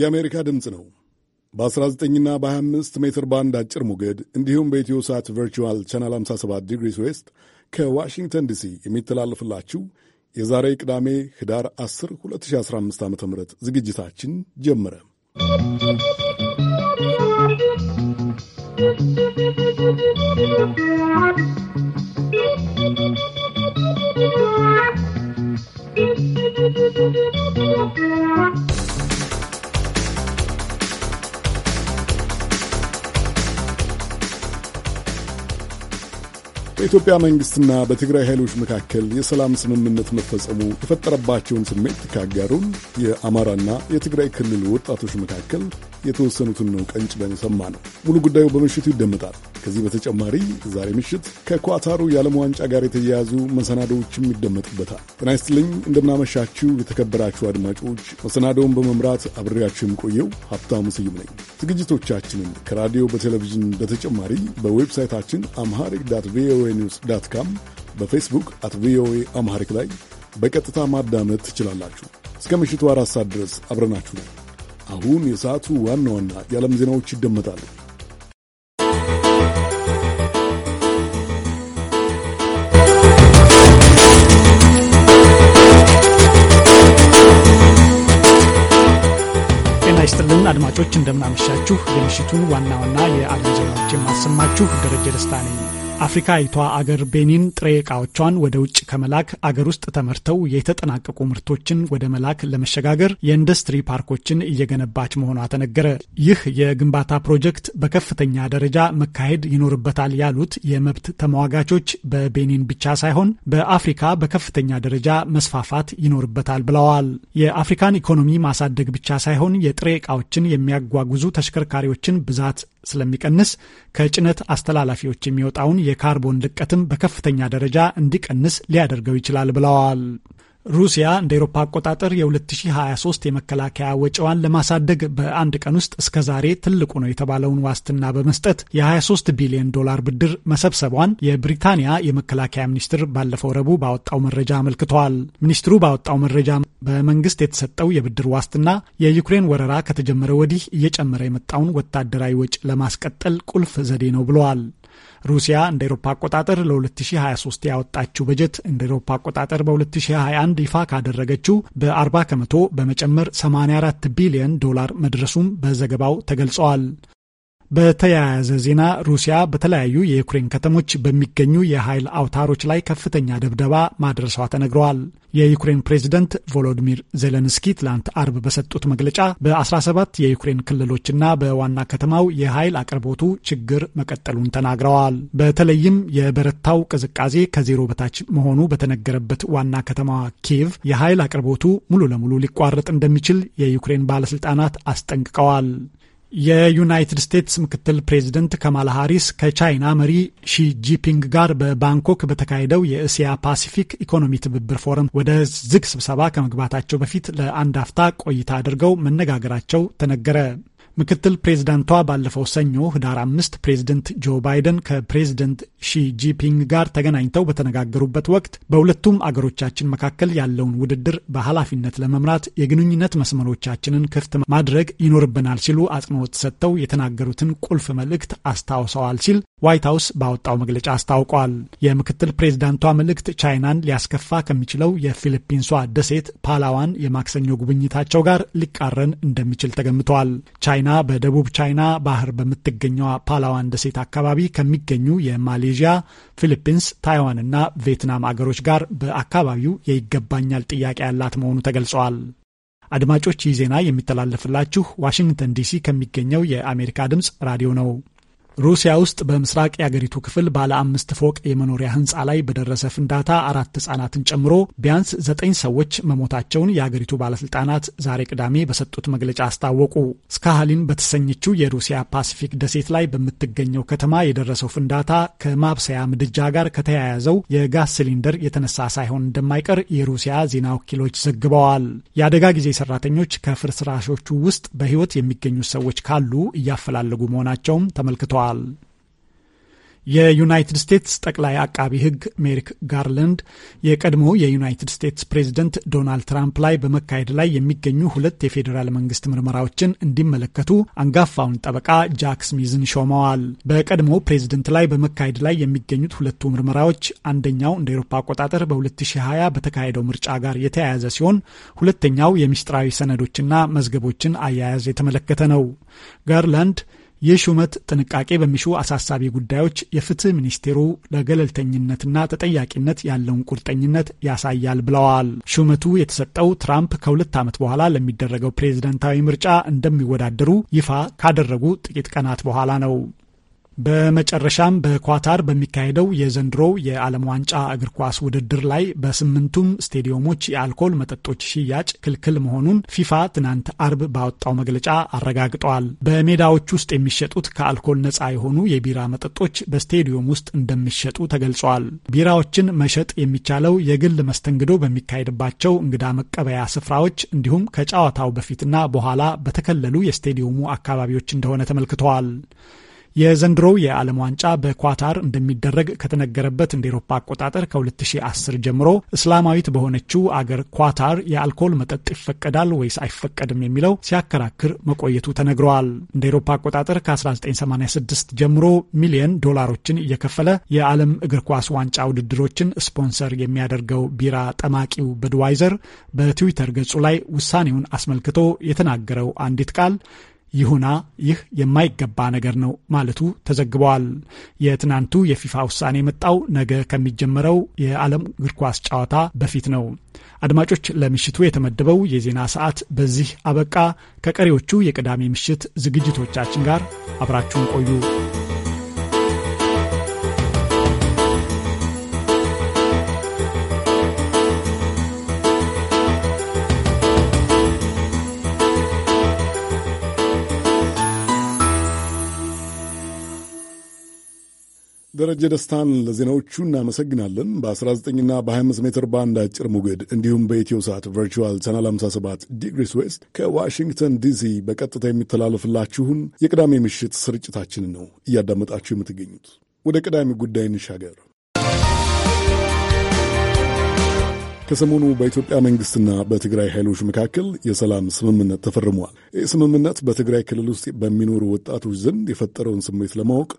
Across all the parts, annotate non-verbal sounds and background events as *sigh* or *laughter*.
የአሜሪካ ድምፅ ነው። በ19ና በ25 ሜትር ባንድ አጭር ሞገድ እንዲሁም በኢትዮ ሳት ቨርቹዋል ቻናል 57 ዲግሪስ ዌስት ከዋሽንግተን ዲሲ የሚተላለፍላችሁ የዛሬ ቅዳሜ ህዳር 10 2015 ዓ ም ዝግጅታችን ጀመረ። ¶¶ በኢትዮጵያ መንግሥትና በትግራይ ኃይሎች መካከል የሰላም ስምምነት መፈጸሙ የፈጠረባቸውን ስሜት ካጋሩን የአማራና የትግራይ ክልል ወጣቶች መካከል የተወሰኑትን ነው ቀንጭበን ነው። ሙሉ ጉዳዩ በምሽቱ ይደመጣል። ከዚህ በተጨማሪ ዛሬ ምሽት ከኳታሩ የዓለም ዋንጫ ጋር የተያያዙ መሰናዶዎችም ይደመጡበታል። ጤና ይስጥልኝ፣ እንደምናመሻችሁ የተከበራችሁ አድማጮች። መሰናዶውን በመምራት አብሬያችሁ የምቆየው ሀብታሙ ስዩም ነኝ። ዝግጅቶቻችንን ከራዲዮ በቴሌቪዥን በተጨማሪ በዌብሳይታችን አምሃሪክ ዳት ቪኦኤ ቪኦኤ ኒውስ ዳት ካም፣ በፌስቡክ አት ቪኦኤ አምሃሪክ ላይ በቀጥታ ማዳመጥ ትችላላችሁ። እስከ ምሽቱ አራት ሰዓት ድረስ አብረናችሁ ነው። አሁን የሰዓቱ ዋና ዋና የዓለም ዜናዎች ይደመጣሉ። ይስጥልን አድማጮች እንደምናመሻችሁ። የምሽቱን ዋና ዋና የዓለም ዜናዎች የማሰማችሁ ደረጀ ደስታ ነኝ። አፍሪካዊቷ አገር ቤኒን ጥሬ እቃዎቿን ወደ ውጭ ከመላክ አገር ውስጥ ተመርተው የተጠናቀቁ ምርቶችን ወደ መላክ ለመሸጋገር የኢንዱስትሪ ፓርኮችን እየገነባች መሆኗ ተነገረ። ይህ የግንባታ ፕሮጀክት በከፍተኛ ደረጃ መካሄድ ይኖርበታል ያሉት የመብት ተሟጋቾች በቤኒን ብቻ ሳይሆን በአፍሪካ በከፍተኛ ደረጃ መስፋፋት ይኖርበታል ብለዋል። የአፍሪካን ኢኮኖሚ ማሳደግ ብቻ ሳይሆን የጥሬ እቃዎችን የሚያጓጉዙ ተሽከርካሪዎችን ብዛት ስለሚቀንስ ከጭነት አስተላላፊዎች የሚወጣውን የካርቦን ልቀትም በከፍተኛ ደረጃ እንዲቀንስ ሊያደርገው ይችላል ብለዋል። ሩሲያ እንደ ኤሮፓ አቆጣጠር የ2023 የመከላከያ ወጪዋን ለማሳደግ በአንድ ቀን ውስጥ እስከ ዛሬ ትልቁ ነው የተባለውን ዋስትና በመስጠት የ23 ቢሊዮን ዶላር ብድር መሰብሰቧን የብሪታንያ የመከላከያ ሚኒስትር ባለፈው ረቡዕ ባወጣው መረጃ አመልክተዋል። ሚኒስትሩ ባወጣው መረጃ በመንግስት የተሰጠው የብድር ዋስትና የዩክሬን ወረራ ከተጀመረ ወዲህ እየጨመረ የመጣውን ወታደራዊ ወጪ ለማስቀጠል ቁልፍ ዘዴ ነው ብለዋል። ሩሲያ እንደ ኤሮፓ አቆጣጠር ለ2023 ያወጣችው በጀት እንደ ኤሮፓ አቆጣጠር በ2021 ይፋ ካደረገችው በ40 ከመቶ በመጨመር 84 ቢሊዮን ዶላር መድረሱም በዘገባው ተገልጸዋል። በተያያዘ ዜና ሩሲያ በተለያዩ የዩክሬን ከተሞች በሚገኙ የኃይል አውታሮች ላይ ከፍተኛ ድብደባ ማድረሷ ተነግረዋል። የዩክሬን ፕሬዝደንት ቮሎዲሚር ዜሌንስኪ ትላንት አርብ በሰጡት መግለጫ በ17 የዩክሬን ክልሎችና በዋና ከተማው የኃይል አቅርቦቱ ችግር መቀጠሉን ተናግረዋል። በተለይም የበረታው ቅዝቃዜ ከዜሮ በታች መሆኑ በተነገረበት ዋና ከተማዋ ኪየቭ የኃይል አቅርቦቱ ሙሉ ለሙሉ ሊቋረጥ እንደሚችል የዩክሬን ባለስልጣናት አስጠንቅቀዋል። የዩናይትድ ስቴትስ ምክትል ፕሬዚደንት ካማላ ሃሪስ ከቻይና መሪ ሺ ጂፒንግ ጋር በባንኮክ በተካሄደው የእስያ ፓሲፊክ ኢኮኖሚ ትብብር ፎረም ወደ ዝግ ስብሰባ ከመግባታቸው በፊት ለአንድ አፍታ ቆይታ አድርገው መነጋገራቸው ተነገረ። ምክትል ፕሬዝዳንቷ ባለፈው ሰኞ ህዳር አምስት ፕሬዝደንት ጆ ባይደን ከፕሬዝደንት ጂፒንግ ጋር ተገናኝተው በተነጋገሩበት ወቅት በሁለቱም አገሮቻችን መካከል ያለውን ውድድር በኃላፊነት ለመምራት የግንኙነት መስመሮቻችንን ክፍት ማድረግ ይኖርብናል ሲሉ አጽንኦት ሰጥተው የተናገሩትን ቁልፍ መልእክት አስታውሰዋል ሲል ዋይት ሀውስ ባወጣው መግለጫ አስታውቋል። የምክትል ፕሬዝዳንቷ መልእክት ቻይናን ሊያስከፋ ከሚችለው የፊሊፒንሷ ደሴት ፓላዋን የማክሰኞ ጉብኝታቸው ጋር ሊቃረን እንደሚችል ተገምተዋል። ቻይና ቻይና በደቡብ ቻይና ባህር በምትገኘዋ ፓላዋን ደሴት አካባቢ ከሚገኙ የማሌዥያ፣ ፊሊፒንስ፣ ታይዋንና ቪየትናም አገሮች ጋር በአካባቢው የይገባኛል ጥያቄ ያላት መሆኑ ተገልጸዋል። አድማጮች ይህ ዜና የሚተላለፍላችሁ ዋሽንግተን ዲሲ ከሚገኘው የአሜሪካ ድምፅ ራዲዮ ነው። ሩሲያ ውስጥ በምስራቅ የአገሪቱ ክፍል ባለ አምስት ፎቅ የመኖሪያ ህንፃ ላይ በደረሰ ፍንዳታ አራት ህጻናትን ጨምሮ ቢያንስ ዘጠኝ ሰዎች መሞታቸውን የአገሪቱ ባለስልጣናት ዛሬ ቅዳሜ በሰጡት መግለጫ አስታወቁ። ስካሃሊን በተሰኘችው የሩሲያ ፓሲፊክ ደሴት ላይ በምትገኘው ከተማ የደረሰው ፍንዳታ ከማብሰያ ምድጃ ጋር ከተያያዘው የጋዝ ሲሊንደር የተነሳ ሳይሆን እንደማይቀር የሩሲያ ዜና ወኪሎች ዘግበዋል። የአደጋ ጊዜ ሰራተኞች ከፍርስራሾቹ ውስጥ በህይወት የሚገኙ ሰዎች ካሉ እያፈላለጉ መሆናቸውም ተመልክተዋል። ተናግረዋል። የዩናይትድ ስቴትስ ጠቅላይ አቃቢ ሕግ ሜሪክ ጋርላንድ የቀድሞ የዩናይትድ ስቴትስ ፕሬዝደንት ዶናልድ ትራምፕ ላይ በመካሄድ ላይ የሚገኙ ሁለት የፌዴራል መንግስት ምርመራዎችን እንዲመለከቱ አንጋፋውን ጠበቃ ጃክ ስሚዝን ሾመዋል። በቀድሞ ፕሬዝደንት ላይ በመካሄድ ላይ የሚገኙት ሁለቱ ምርመራዎች አንደኛው እንደ ኤሮፓ አቆጣጠር በ2020 በተካሄደው ምርጫ ጋር የተያያዘ ሲሆን ሁለተኛው የሚስጥራዊ ሰነዶችና መዝገቦችን አያያዝ የተመለከተ ነው። ጋርላንድ ይህ ሹመት ጥንቃቄ በሚሹ አሳሳቢ ጉዳዮች የፍትህ ሚኒስቴሩ ለገለልተኝነትና ተጠያቂነት ያለውን ቁርጠኝነት ያሳያል ብለዋል። ሹመቱ የተሰጠው ትራምፕ ከሁለት ዓመት በኋላ ለሚደረገው ፕሬዝደንታዊ ምርጫ እንደሚወዳደሩ ይፋ ካደረጉ ጥቂት ቀናት በኋላ ነው። በመጨረሻም በኳታር በሚካሄደው የዘንድሮው የዓለም ዋንጫ እግር ኳስ ውድድር ላይ በስምንቱም ስቴዲየሞች የአልኮል መጠጦች ሽያጭ ክልክል መሆኑን ፊፋ ትናንት አርብ ባወጣው መግለጫ አረጋግጠዋል። በሜዳዎች ውስጥ የሚሸጡት ከአልኮል ነፃ የሆኑ የቢራ መጠጦች በስቴዲየም ውስጥ እንደሚሸጡ ተገልጿል። ቢራዎችን መሸጥ የሚቻለው የግል መስተንግዶ በሚካሄድባቸው እንግዳ መቀበያ ስፍራዎች እንዲሁም ከጨዋታው በፊትና በኋላ በተከለሉ የስቴዲየሙ አካባቢዎች እንደሆነ ተመልክተዋል። የዘንድሮው የዓለም ዋንጫ በኳታር እንደሚደረግ ከተነገረበት እንደ ኤሮፓ አቆጣጠር ከ2010 ጀምሮ እስላማዊት በሆነችው አገር ኳታር የአልኮል መጠጥ ይፈቀዳል ወይስ አይፈቀድም የሚለው ሲያከራክር መቆየቱ ተነግረዋል። እንደ ኤሮፓ አቆጣጠር ከ1986 ጀምሮ ሚሊየን ዶላሮችን እየከፈለ የዓለም እግር ኳስ ዋንጫ ውድድሮችን ስፖንሰር የሚያደርገው ቢራ ጠማቂው በድዋይዘር በትዊተር ገጹ ላይ ውሳኔውን አስመልክቶ የተናገረው አንዲት ቃል ይሁና ይህ የማይገባ ነገር ነው ማለቱ ተዘግበዋል። የትናንቱ የፊፋ ውሳኔ የመጣው ነገ ከሚጀመረው የዓለም እግር ኳስ ጨዋታ በፊት ነው። አድማጮች፣ ለምሽቱ የተመደበው የዜና ሰዓት በዚህ አበቃ። ከቀሪዎቹ የቅዳሜ ምሽት ዝግጅቶቻችን ጋር አብራችሁን ቆዩ። ደረጀ ደስታን ለዜናዎቹ እናመሰግናለን። በ19ና በ25 ሜትር ባንድ አጭር ሞገድ እንዲሁም በኢትዮ ሳት ቨርቹዋል ቻናል 57 ዲግሪስ ዌስት ከዋሽንግተን ዲሲ በቀጥታ የሚተላለፍላችሁን የቅዳሜ ምሽት ስርጭታችንን ነው እያዳመጣችሁ የምትገኙት። ወደ ቅዳሜ ጉዳይ እንሻገር። ከሰሞኑ በኢትዮጵያ መንግስትና በትግራይ ኃይሎች መካከል የሰላም ስምምነት ተፈርሟል። ይህ ስምምነት በትግራይ ክልል ውስጥ በሚኖሩ ወጣቶች ዘንድ የፈጠረውን ስሜት ለማወቅ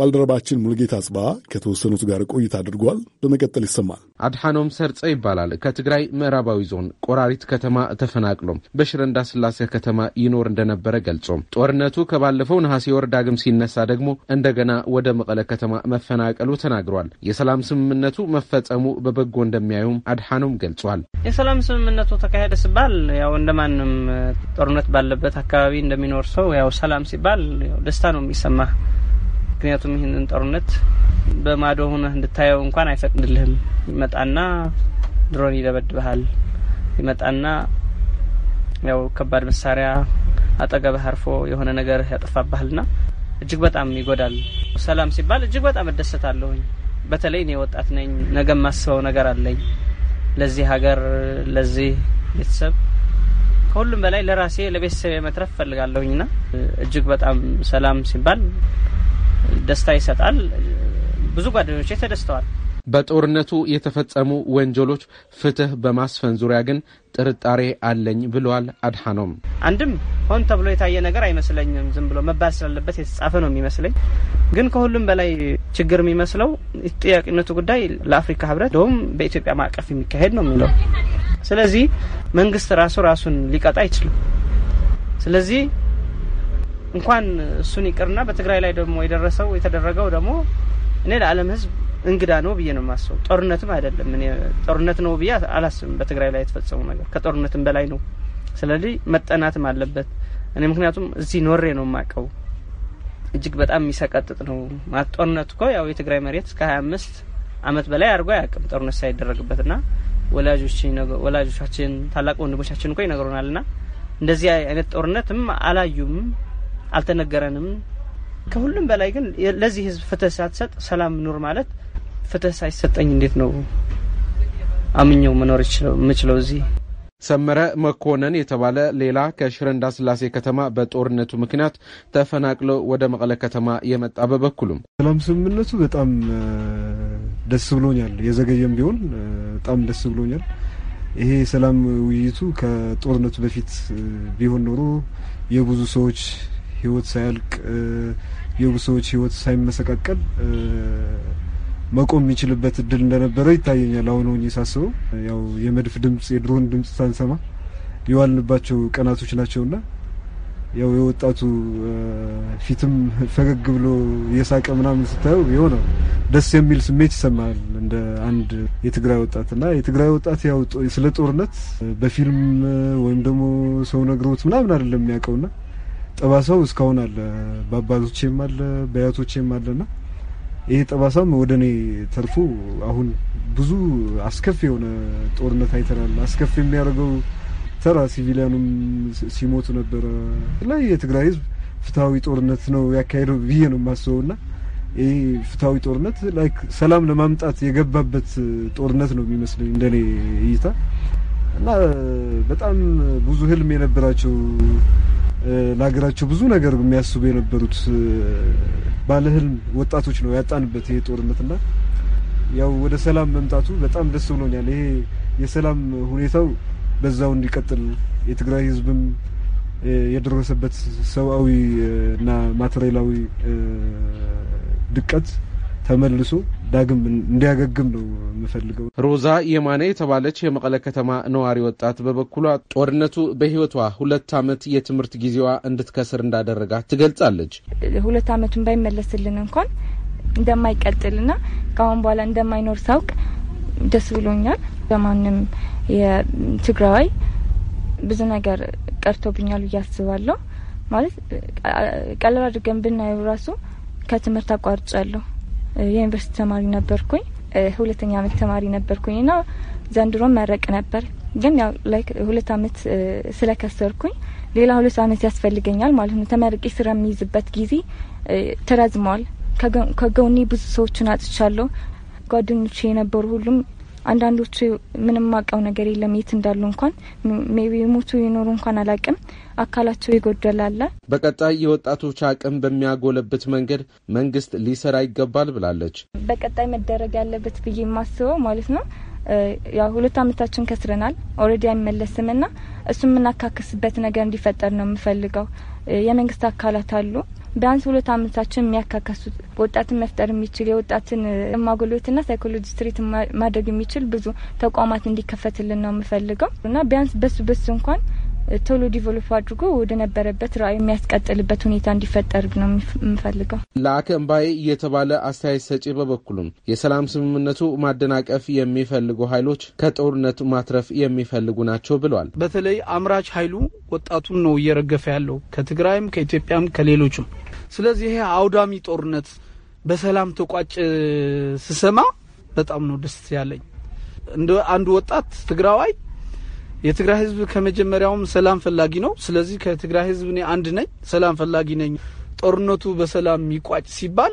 ባልደረባችን ሙልጌታ ጽባ ከተወሰኑት ጋር ቆይታ አድርጓል። በመቀጠል ይሰማል። አድሓኖም ሰርጸ ይባላል። ከትግራይ ምዕራባዊ ዞን ቆራሪት ከተማ ተፈናቅሎ በሽረ እንዳስላሴ ከተማ ይኖር እንደነበረ ገልጾ ጦርነቱ ከባለፈው ነሐሴ ወር ዳግም ሲነሳ ደግሞ እንደገና ወደ መቀለ ከተማ መፈናቀሉ ተናግሯል። የሰላም ስምምነቱ መፈጸሙ በበጎ እንደሚያዩም አድሓኖም ገልጿል። የሰላም ስምምነቱ ተካሄደ ሲባል ያው እንደማንም ጦርነት ባለበት አካባቢ እንደሚኖር ሰው ያው ሰላም ሲባል ደስታ ነው የሚሰማ ምክንያቱም ይህንን ጦርነት በማዶ ሆነህ እንድታየው እንኳን አይፈቅድልህም። ይመጣና ድሮን ይደበድብሃል። ይመጣና ያው ከባድ መሳሪያ አጠገብህ አርፎ የሆነ ነገር ያጠፋብሃልና እጅግ በጣም ይጎዳል። ሰላም ሲባል እጅግ በጣም እደሰታለሁኝ። በተለይ እኔ ወጣት ነኝ፣ ነገ ማስበው ነገር አለኝ ለዚህ ሀገር፣ ለዚህ ቤተሰብ ከሁሉም በላይ ለራሴ ለቤተሰብ መትረፍ ፈልጋለሁኝና እጅግ በጣም ሰላም ሲባል ደስታ ይሰጣል። ብዙ ጓደኞቼ ተደስተዋል። በጦርነቱ የተፈጸሙ ወንጀሎች ፍትህ በማስፈን ዙሪያ ግን ጥርጣሬ አለኝ ብለዋል አድሃኖም። አንድም ሆን ተብሎ የታየ ነገር አይመስለኝም። ዝም ብሎ መባል ስላለበት የተጻፈ ነው የሚመስለኝ። ግን ከሁሉም በላይ ችግር የሚመስለው ጥያቄነቱ ጉዳይ ለአፍሪካ ህብረት፣ እንደውም በኢትዮጵያ ማዕቀፍ የሚካሄድ ነው የሚለው። ስለዚህ መንግስት ራሱ ራሱን ሊቀጣ አይችልም። ስለዚህ እንኳን እሱን ይቅርና በትግራይ ላይ ደግሞ የደረሰው የተደረገው ደግሞ እኔ ለዓለም ሕዝብ እንግዳ ነው ብዬ ነው የማስበው። ጦርነትም አይደለም እኔ ጦርነት ነው ብዬ አላስብም። በትግራይ ላይ የተፈጸሙ ነገር ከጦርነትም በላይ ነው። ስለዚህ መጠናትም አለበት። እኔ ምክንያቱም እዚህ ኖሬ ነው የማውቀው። እጅግ በጣም የሚሰቀጥጥ ነው ማለት ጦርነት እኮ ያው የትግራይ መሬት እስከ ሀያ አምስት አመት በላይ አድርጎ አያውቅም ጦርነት ሳይደረግበት ና ወላጆቻችን ታላቅ ወንድሞቻችን እኮ ይነግሩናል ና እንደዚህ አይነት ጦርነትም አላዩም አልተነገረንም። ከሁሉም በላይ ግን ለዚህ ህዝብ ፍትህ ሳትሰጥ ሰላም ኑር ማለት ፍትህ ሳይሰጠኝ እንዴት ነው አምኘው መኖር የምችለው? እዚህ ሰመረ መኮነን የተባለ ሌላ ከሽረ እንዳስላሴ ከተማ በጦርነቱ ምክንያት ተፈናቅሎ ወደ መቀለ ከተማ የመጣ በበኩሉም ሰላም ስምምነቱ በጣም ደስ ብሎኛል። የዘገየም ቢሆን በጣም ደስ ብሎኛል። ይሄ ሰላም ውይይቱ ከጦርነቱ በፊት ቢሆን ኖሮ የብዙ ሰዎች ህይወት ሳያልቅ የብዙ ሰዎች ህይወት ሳይመሰቃቀል መቆም የሚችልበት እድል እንደነበረ ይታየኛል። አሁን ሆኜ ሳስበው ያው የመድፍ ድምጽ የድሮን ድምጽ ሳንሰማ የዋልንባቸው ቀናቶች ናቸውና ያው የወጣቱ ፊትም ፈገግ ብሎ የሳቀ ምናምን ስታየው የሆነ ደስ የሚል ስሜት ይሰማል። እንደ አንድ የትግራይ ወጣትና የትግራይ ወጣት ያው ስለ ጦርነት በፊልም ወይም ደግሞ ሰው ነግሮት ምናምን አይደለም የሚያውቀውና ጠባሳው እስካሁን አለ፣ በአባቶቼም አለ፣ በአያቶቼም አለና ይሄ ጠባሳም ወደ እኔ ተርፎ አሁን ብዙ አስከፊ የሆነ ጦርነት አይተናል። አስከፊ የሚያደርገው ተራ ሲቪሊያኑም ሲሞት ነበረ። ላይ የትግራይ ህዝብ ፍትሐዊ ጦርነት ነው ያካሄደው ብዬ ነው የማስበውና ይሄ ፍትሐዊ ጦርነት ላይክ ሰላም ለማምጣት የገባበት ጦርነት ነው የሚመስለኝ እንደኔ እይታ እና በጣም ብዙ ህልም የነበራቸው ለሀገራቸው ብዙ ነገር የሚያስቡ የነበሩት ባለህልም ወጣቶች ነው ያጣንበት ይሄ ጦርነትና ያው ወደ ሰላም መምጣቱ በጣም ደስ ብሎኛል። ይሄ የሰላም ሁኔታው በዛው እንዲቀጥል የትግራይ ህዝብም የደረሰበት ሰብአዊ እና ማቴሪያላዊ ድቀት ተመልሶ ዳግም እንዲያገግም ነው የምፈልገው። ሮዛ የማነ የተባለች የመቀለ ከተማ ነዋሪ ወጣት በበኩሏ ጦርነቱ በሕይወቷ ሁለት ዓመት የትምህርት ጊዜዋ እንድትከስር እንዳደረጋት ትገልጻለች። ሁለት ዓመቱን ባይመለስልን እንኳን እንደማይቀጥልና ከአሁን በኋላ እንደማይኖር ሳውቅ ደስ ብሎኛል። በማንም የትግራዋይ ብዙ ነገር ቀርቶብኛል ብዬ አስባለሁ። ማለት ቀለል አድርገን ብናየው ራሱ ከትምህርት አቋርጫለሁ። የዩኒቨርሲቲ ተማሪ ነበርኩኝ። ሁለተኛ አመት ተማሪ ነበርኩኝ እና ዘንድሮም መረቅ ነበር። ግን ያው ላይክ ሁለት አመት ስለከሰርኩኝ ሌላ ሁለት አመት ያስፈልገኛል ማለት ነው። ተመርቄ ስራ የሚይዝበት ጊዜ ተራዝመዋል። ከጎኔ ብዙ ሰዎችን አጥቻለሁ። ጓደኞች የነበሩ ሁሉም አንዳንዶቹ ምንም አውቀው ነገር የለም የት እንዳሉ እንኳን ሜቢ ሞቱ ይኖሩ እንኳን አላቅም። አካላቸው ይጎደላል። በቀጣይ የወጣቶች አቅም በሚያጎለብት መንገድ መንግስት ሊሰራ ይገባል ብላለች። በቀጣይ መደረግ ያለበት ብዬ የማስበው ማለት ነው ያው ሁለት አመታችን ከስረናል። ኦልሬዲ አይመለስም ና እሱ የምናካክስበት ነገር እንዲፈጠር ነው የምፈልገው። የመንግስት አካላት አሉ ቢያንስ ሁለት አመታችን የሚያካከሱት ወጣትን መፍጠር የሚችል የወጣትን ና ሳይኮሎጂ ስትሪት ማድረግ የሚችል ብዙ ተቋማት እንዲከፈትልን ነው የምፈልገው እና ቢያንስ በሱ በሱ እንኳን ቶሎ ዲቨሎፕ አድርጎ ወደ ነበረበት ራዕይ የሚያስቀጥልበት ሁኔታ እንዲፈጠር ነው የምፈልገው። ለአከ እምባዬ አስተያየት ሰጪ በበኩሉም የሰላም ስምምነቱ ማደናቀፍ የሚፈልጉ ኃይሎች ከጦርነቱ ማትረፍ የሚፈልጉ ናቸው ብለዋል። በተለይ አምራች ኃይሉ ወጣቱን ነው እየረገፈ ያለው ከትግራይም፣ ከኢትዮጵያም፣ ከሌሎችም። ስለዚህ ይሄ አውዳሚ ጦርነት በሰላም ተቋጭ ስሰማ በጣም ነው ደስ ያለኝ። እንደ አንድ ወጣት ትግራዋይ የትግራይ ህዝብ ከመጀመሪያውም ሰላም ፈላጊ ነው። ስለዚህ ከትግራይ ህዝብ እኔ አንድ ነኝ፣ ሰላም ፈላጊ ነኝ። ጦርነቱ በሰላም ይቋጭ ሲባል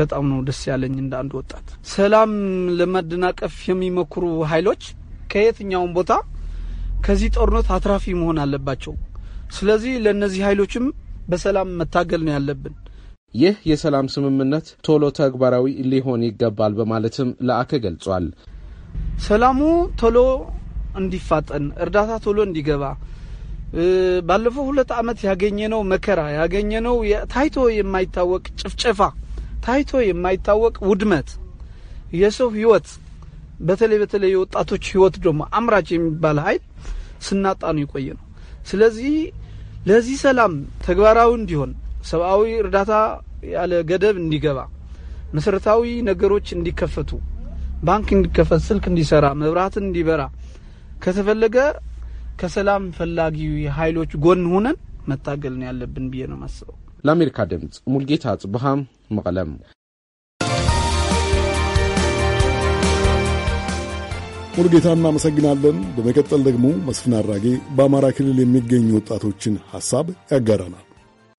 በጣም ነው ደስ ያለኝ እንደ አንድ ወጣት። ሰላም ለማደናቀፍ የሚሞክሩ ኃይሎች ከየትኛውም ቦታ ከዚህ ጦርነት አትራፊ መሆን አለባቸው። ስለዚህ ለእነዚህ ኃይሎችም በሰላም መታገል ነው ያለብን። ይህ የሰላም ስምምነት ቶሎ ተግባራዊ ሊሆን ይገባል በማለትም ለአከ ገልጿል። ሰላሙ ቶሎ እንዲፋጠን፣ እርዳታ ቶሎ እንዲገባ ባለፈው ሁለት ዓመት ያገኘነው መከራ ያገኘነው ታይቶ የማይታወቅ ጭፍጨፋ፣ ታይቶ የማይታወቅ ውድመት፣ የሰው ህይወት በተለይ በተለይ የወጣቶች ህይወት ደግሞ አምራች የሚባል ኃይል ስናጣ ነው የቆየ ነው። ስለዚህ ለዚህ ሰላም ተግባራዊ እንዲሆን ሰብአዊ እርዳታ ያለ ገደብ እንዲገባ፣ መሰረታዊ ነገሮች እንዲከፈቱ፣ ባንክ እንዲከፈት፣ ስልክ እንዲሰራ፣ መብራት እንዲበራ ከተፈለገ ከሰላም ፈላጊ ኃይሎች ጎን ሆነን መታገል ነው ያለብን ብዬ ነው ማስበው። ለአሜሪካ ድምፅ ሙልጌታ ጽብሃም መቀለም። ሙልጌታ እናመሰግናለን። በመቀጠል ደግሞ መስፍን አድራጌ በአማራ ክልል የሚገኙ ወጣቶችን ሐሳብ ያጋራናል።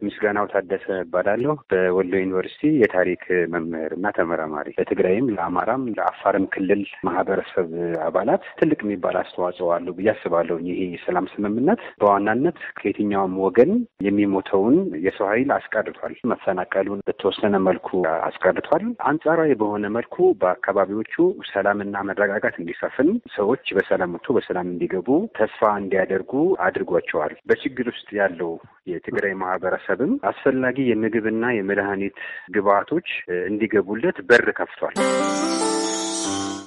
ምስጋናው ታደሰ እባላለሁ። በወሎ ዩኒቨርሲቲ የታሪክ መምህር እና ተመራማሪ ለትግራይም ለአማራም ለአፋርም ክልል ማህበረሰብ አባላት ትልቅ የሚባል አስተዋጽኦ አለው ብዬ አስባለሁ። ይሄ የሰላም ስምምነት በዋናነት ከየትኛውም ወገን የሚሞተውን የሰው ኃይል አስቀርቷል። መፈናቀሉን በተወሰነ መልኩ አስቀርቷል። አንጻራዊ በሆነ መልኩ በአካባቢዎቹ ሰላምና መረጋጋት እንዲሰፍን ሰዎች በሰላም ወጥቶ በሰላም እንዲገቡ ተስፋ እንዲያደርጉ አድርጓቸዋል። በችግር ውስጥ ያለው የትግራይ ማህበረሰብም አስፈላጊ የምግብና የመድኃኒት ግብዓቶች እንዲገቡለት በር ከፍቷል።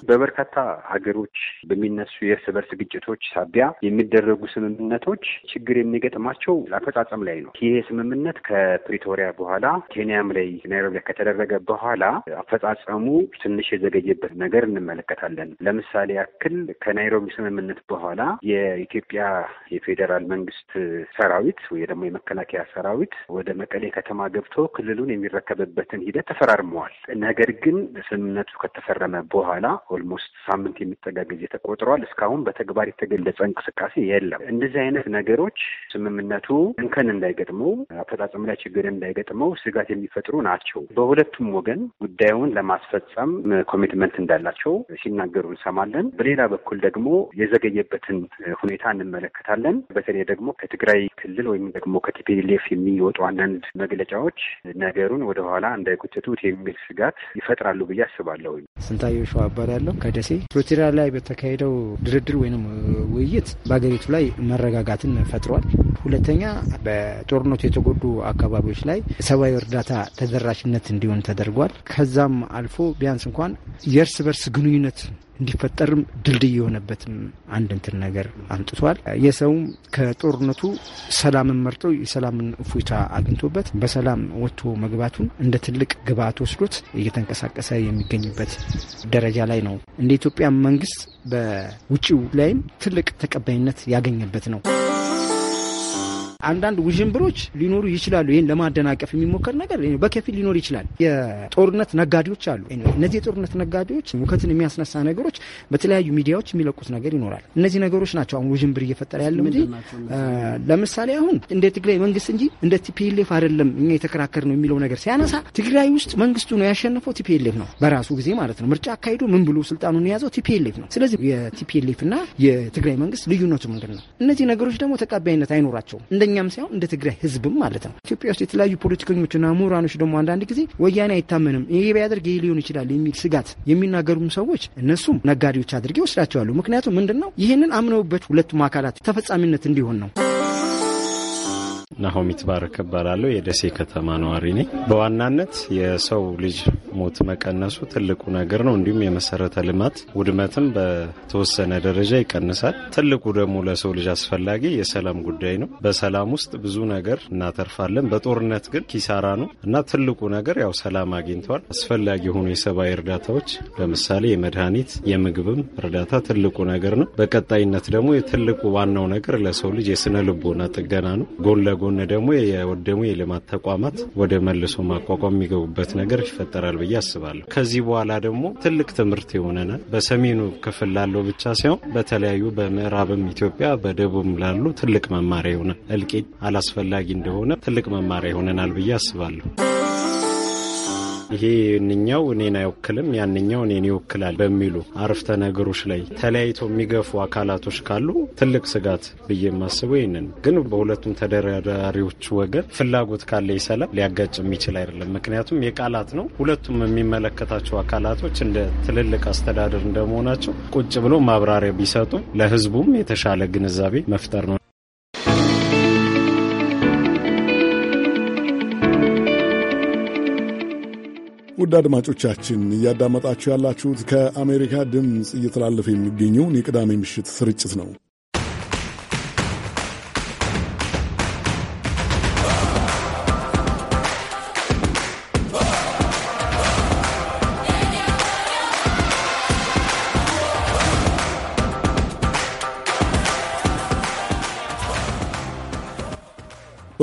በበርካታ ሀገሮች በሚነሱ የእርስ በርስ ግጭቶች ሳቢያ የሚደረጉ ስምምነቶች ችግር የሚገጥማቸው አፈጻጸም ላይ ነው። ይሄ ስምምነት ከፕሪቶሪያ በኋላ ኬንያም ላይ ናይሮቢ ላይ ከተደረገ በኋላ አፈጻጸሙ ትንሽ የዘገየበት ነገር እንመለከታለን። ለምሳሌ ያክል ከናይሮቢ ስምምነት በኋላ የኢትዮጵያ የፌዴራል መንግስት ሰራዊት ወይ ደግሞ የመከላከያ ሰራዊት ወደ መቀሌ ከተማ ገብቶ ክልሉን የሚረከብበትን ሂደት ተፈራርመዋል። ነገር ግን ስምምነቱ ከተፈረመ በኋላ ኦልሞስት ሳምንት የሚጠጋ ጊዜ ተቆጥረዋል። እስካሁን በተግባር የተገለጸ እንቅስቃሴ የለም። እንደዚህ አይነት ነገሮች ስምምነቱ እንከን እንዳይገጥመው፣ አፈጻጸም ላይ ችግር እንዳይገጥመው ስጋት የሚፈጥሩ ናቸው። በሁለቱም ወገን ጉዳዩን ለማስፈጸም ኮሚትመንት እንዳላቸው ሲናገሩ እንሰማለን። በሌላ በኩል ደግሞ የዘገየበትን ሁኔታ እንመለከታለን። በተለይ ደግሞ ከትግራይ ክልል ወይም ደግሞ ከቲፒኤልኤፍ የሚወጡ አንዳንድ መግለጫዎች ነገሩን ወደኋላ እንዳይጎትቱት የሚል ስጋት ይፈጥራሉ ብዬ አስባለሁ። ስንታየሸ ሸዋበረ ያለው ከደሴ ፕሪቶሪያ ላይ በተካሄደው ድርድር ወይም ውይይት በሀገሪቱ ላይ መረጋጋትን ፈጥሯል። ሁለተኛ በጦርነቱ የተጎዱ አካባቢዎች ላይ ሰብአዊ እርዳታ ተደራሽነት እንዲሆን ተደርጓል። ከዛም አልፎ ቢያንስ እንኳን የእርስ በርስ ግንኙነት እንዲፈጠርም ድልድይ የሆነበትም አንድ እንትን ነገር አምጥቷል። የሰውም ከጦርነቱ ሰላምን መርጦ የሰላምን እፎይታ አግኝቶበት በሰላም ወጥቶ መግባቱን እንደ ትልቅ ግብዓት ወስዶት እየተንቀሳቀሰ የሚገኝበት ደረጃ ላይ ነው። እንደ ኢትዮጵያ መንግስት በውጭው ላይም ትልቅ ተቀባይነት ያገኘበት ነው። አንዳንድ ውዥንብሮች ሊኖሩ ይችላሉ። ይህን ለማደናቀፍ የሚሞከር ነገር በከፊል ሊኖር ይችላል። የጦርነት ነጋዴዎች አሉ። እነዚህ የጦርነት ነጋዴዎች ሁከትን የሚያስነሳ ነገሮች በተለያዩ ሚዲያዎች የሚለቁት ነገር ይኖራል። እነዚህ ነገሮች ናቸው አሁን ውዥንብር እየፈጠረ ያለ እንጂ ለምሳሌ አሁን እንደ ትግራይ መንግስት እንጂ እንደ ቲፒኤልኤፍ አይደለም እኛ የተከራከር ነው የሚለው ነገር ሲያነሳ ትግራይ ውስጥ መንግስቱ ነው ያሸነፈው፣ ቲፒኤልኤፍ ነው በራሱ ጊዜ ማለት ነው። ምርጫ አካሂዶ ምን ብሎ ስልጣኑን የያዘው ቲፒኤልኤፍ ነው። ስለዚህ የቲፒኤልኤፍ እና የትግራይ መንግስት ልዩነቱ ምንድን ነው? እነዚህ ነገሮች ደግሞ ተቀባይነት አይኖራቸውም። እንደኛ እኛም ሳይሆን እንደ ትግራይ ህዝብም ማለት ነው። ኢትዮጵያ ውስጥ የተለያዩ ፖለቲከኞችና ምሁራኖች ደግሞ አንዳንድ ጊዜ ወያኔ አይታመንም፣ ይሄ ቢያደርግ ይሄ ሊሆን ይችላል የሚል ስጋት የሚናገሩም ሰዎች እነሱም ነጋዴዎች አድርጌ ይወስዳቸዋሉ ምክንያቱም ምንድን ነው ይህንን አምነውበት ሁለቱም አካላት ተፈጻሚነት እንዲሆን ነው። ናሆሚት ባረክ እባላለሁ። የደሴ ከተማ ነዋሪ ነኝ። በዋናነት የሰው ልጅ ሞት መቀነሱ ትልቁ ነገር ነው። እንዲሁም የመሰረተ ልማት ውድመትም በተወሰነ ደረጃ ይቀንሳል። ትልቁ ደግሞ ለሰው ልጅ አስፈላጊ የሰላም ጉዳይ ነው። በሰላም ውስጥ ብዙ ነገር እናተርፋለን። በጦርነት ግን ኪሳራ ነው እና ትልቁ ነገር ያው ሰላም አግኝተዋል። አስፈላጊ የሆኑ የሰብአዊ እርዳታዎች ለምሳሌ የመድኃኒት የምግብም እርዳታ ትልቁ ነገር ነው። በቀጣይነት ደግሞ ትልቁ ዋናው ነገር ለሰው ልጅ የስነ ልቦና ጥገና ነው ጎን በጎን ደግሞ የወደሙ የልማት ተቋማት ወደ መልሶ ማቋቋም የሚገቡበት ነገር ይፈጠራል ብዬ አስባለሁ። ከዚህ በኋላ ደግሞ ትልቅ ትምህርት የሆነናል በሰሜኑ ክፍል ላለው ብቻ ሳይሆን በተለያዩ በምዕራብም ኢትዮጵያ በደቡብም ላሉ ትልቅ መማሪያ የሆነ እልቂት አላስፈላጊ እንደሆነ ትልቅ መማሪያ ይሆነናል ብዬ አስባለሁ። ይሄ እኛው እኔን አይወክልም፣ ያንኛው እኔን ይወክላል በሚሉ አርፍተ ነገሮች ላይ ተለያይቶ የሚገፉ አካላቶች ካሉ ትልቅ ስጋት ብዬ የማስበው ይህንን። ግን በሁለቱም ተደራዳሪዎች ወገን ፍላጎት ካለ የሰላም ሊያጋጭ የሚችል አይደለም። ምክንያቱም የቃላት ነው። ሁለቱም የሚመለከታቸው አካላቶች እንደ ትልልቅ አስተዳደር እንደመሆናቸው ቁጭ ብሎ ማብራሪያ ቢሰጡ ለህዝቡም የተሻለ ግንዛቤ መፍጠር ነው። ውድ አድማጮቻችን እያዳመጣችሁ ያላችሁት ከአሜሪካ ድምፅ እየተላለፈ የሚገኘውን የቅዳሜ ምሽት ስርጭት ነው።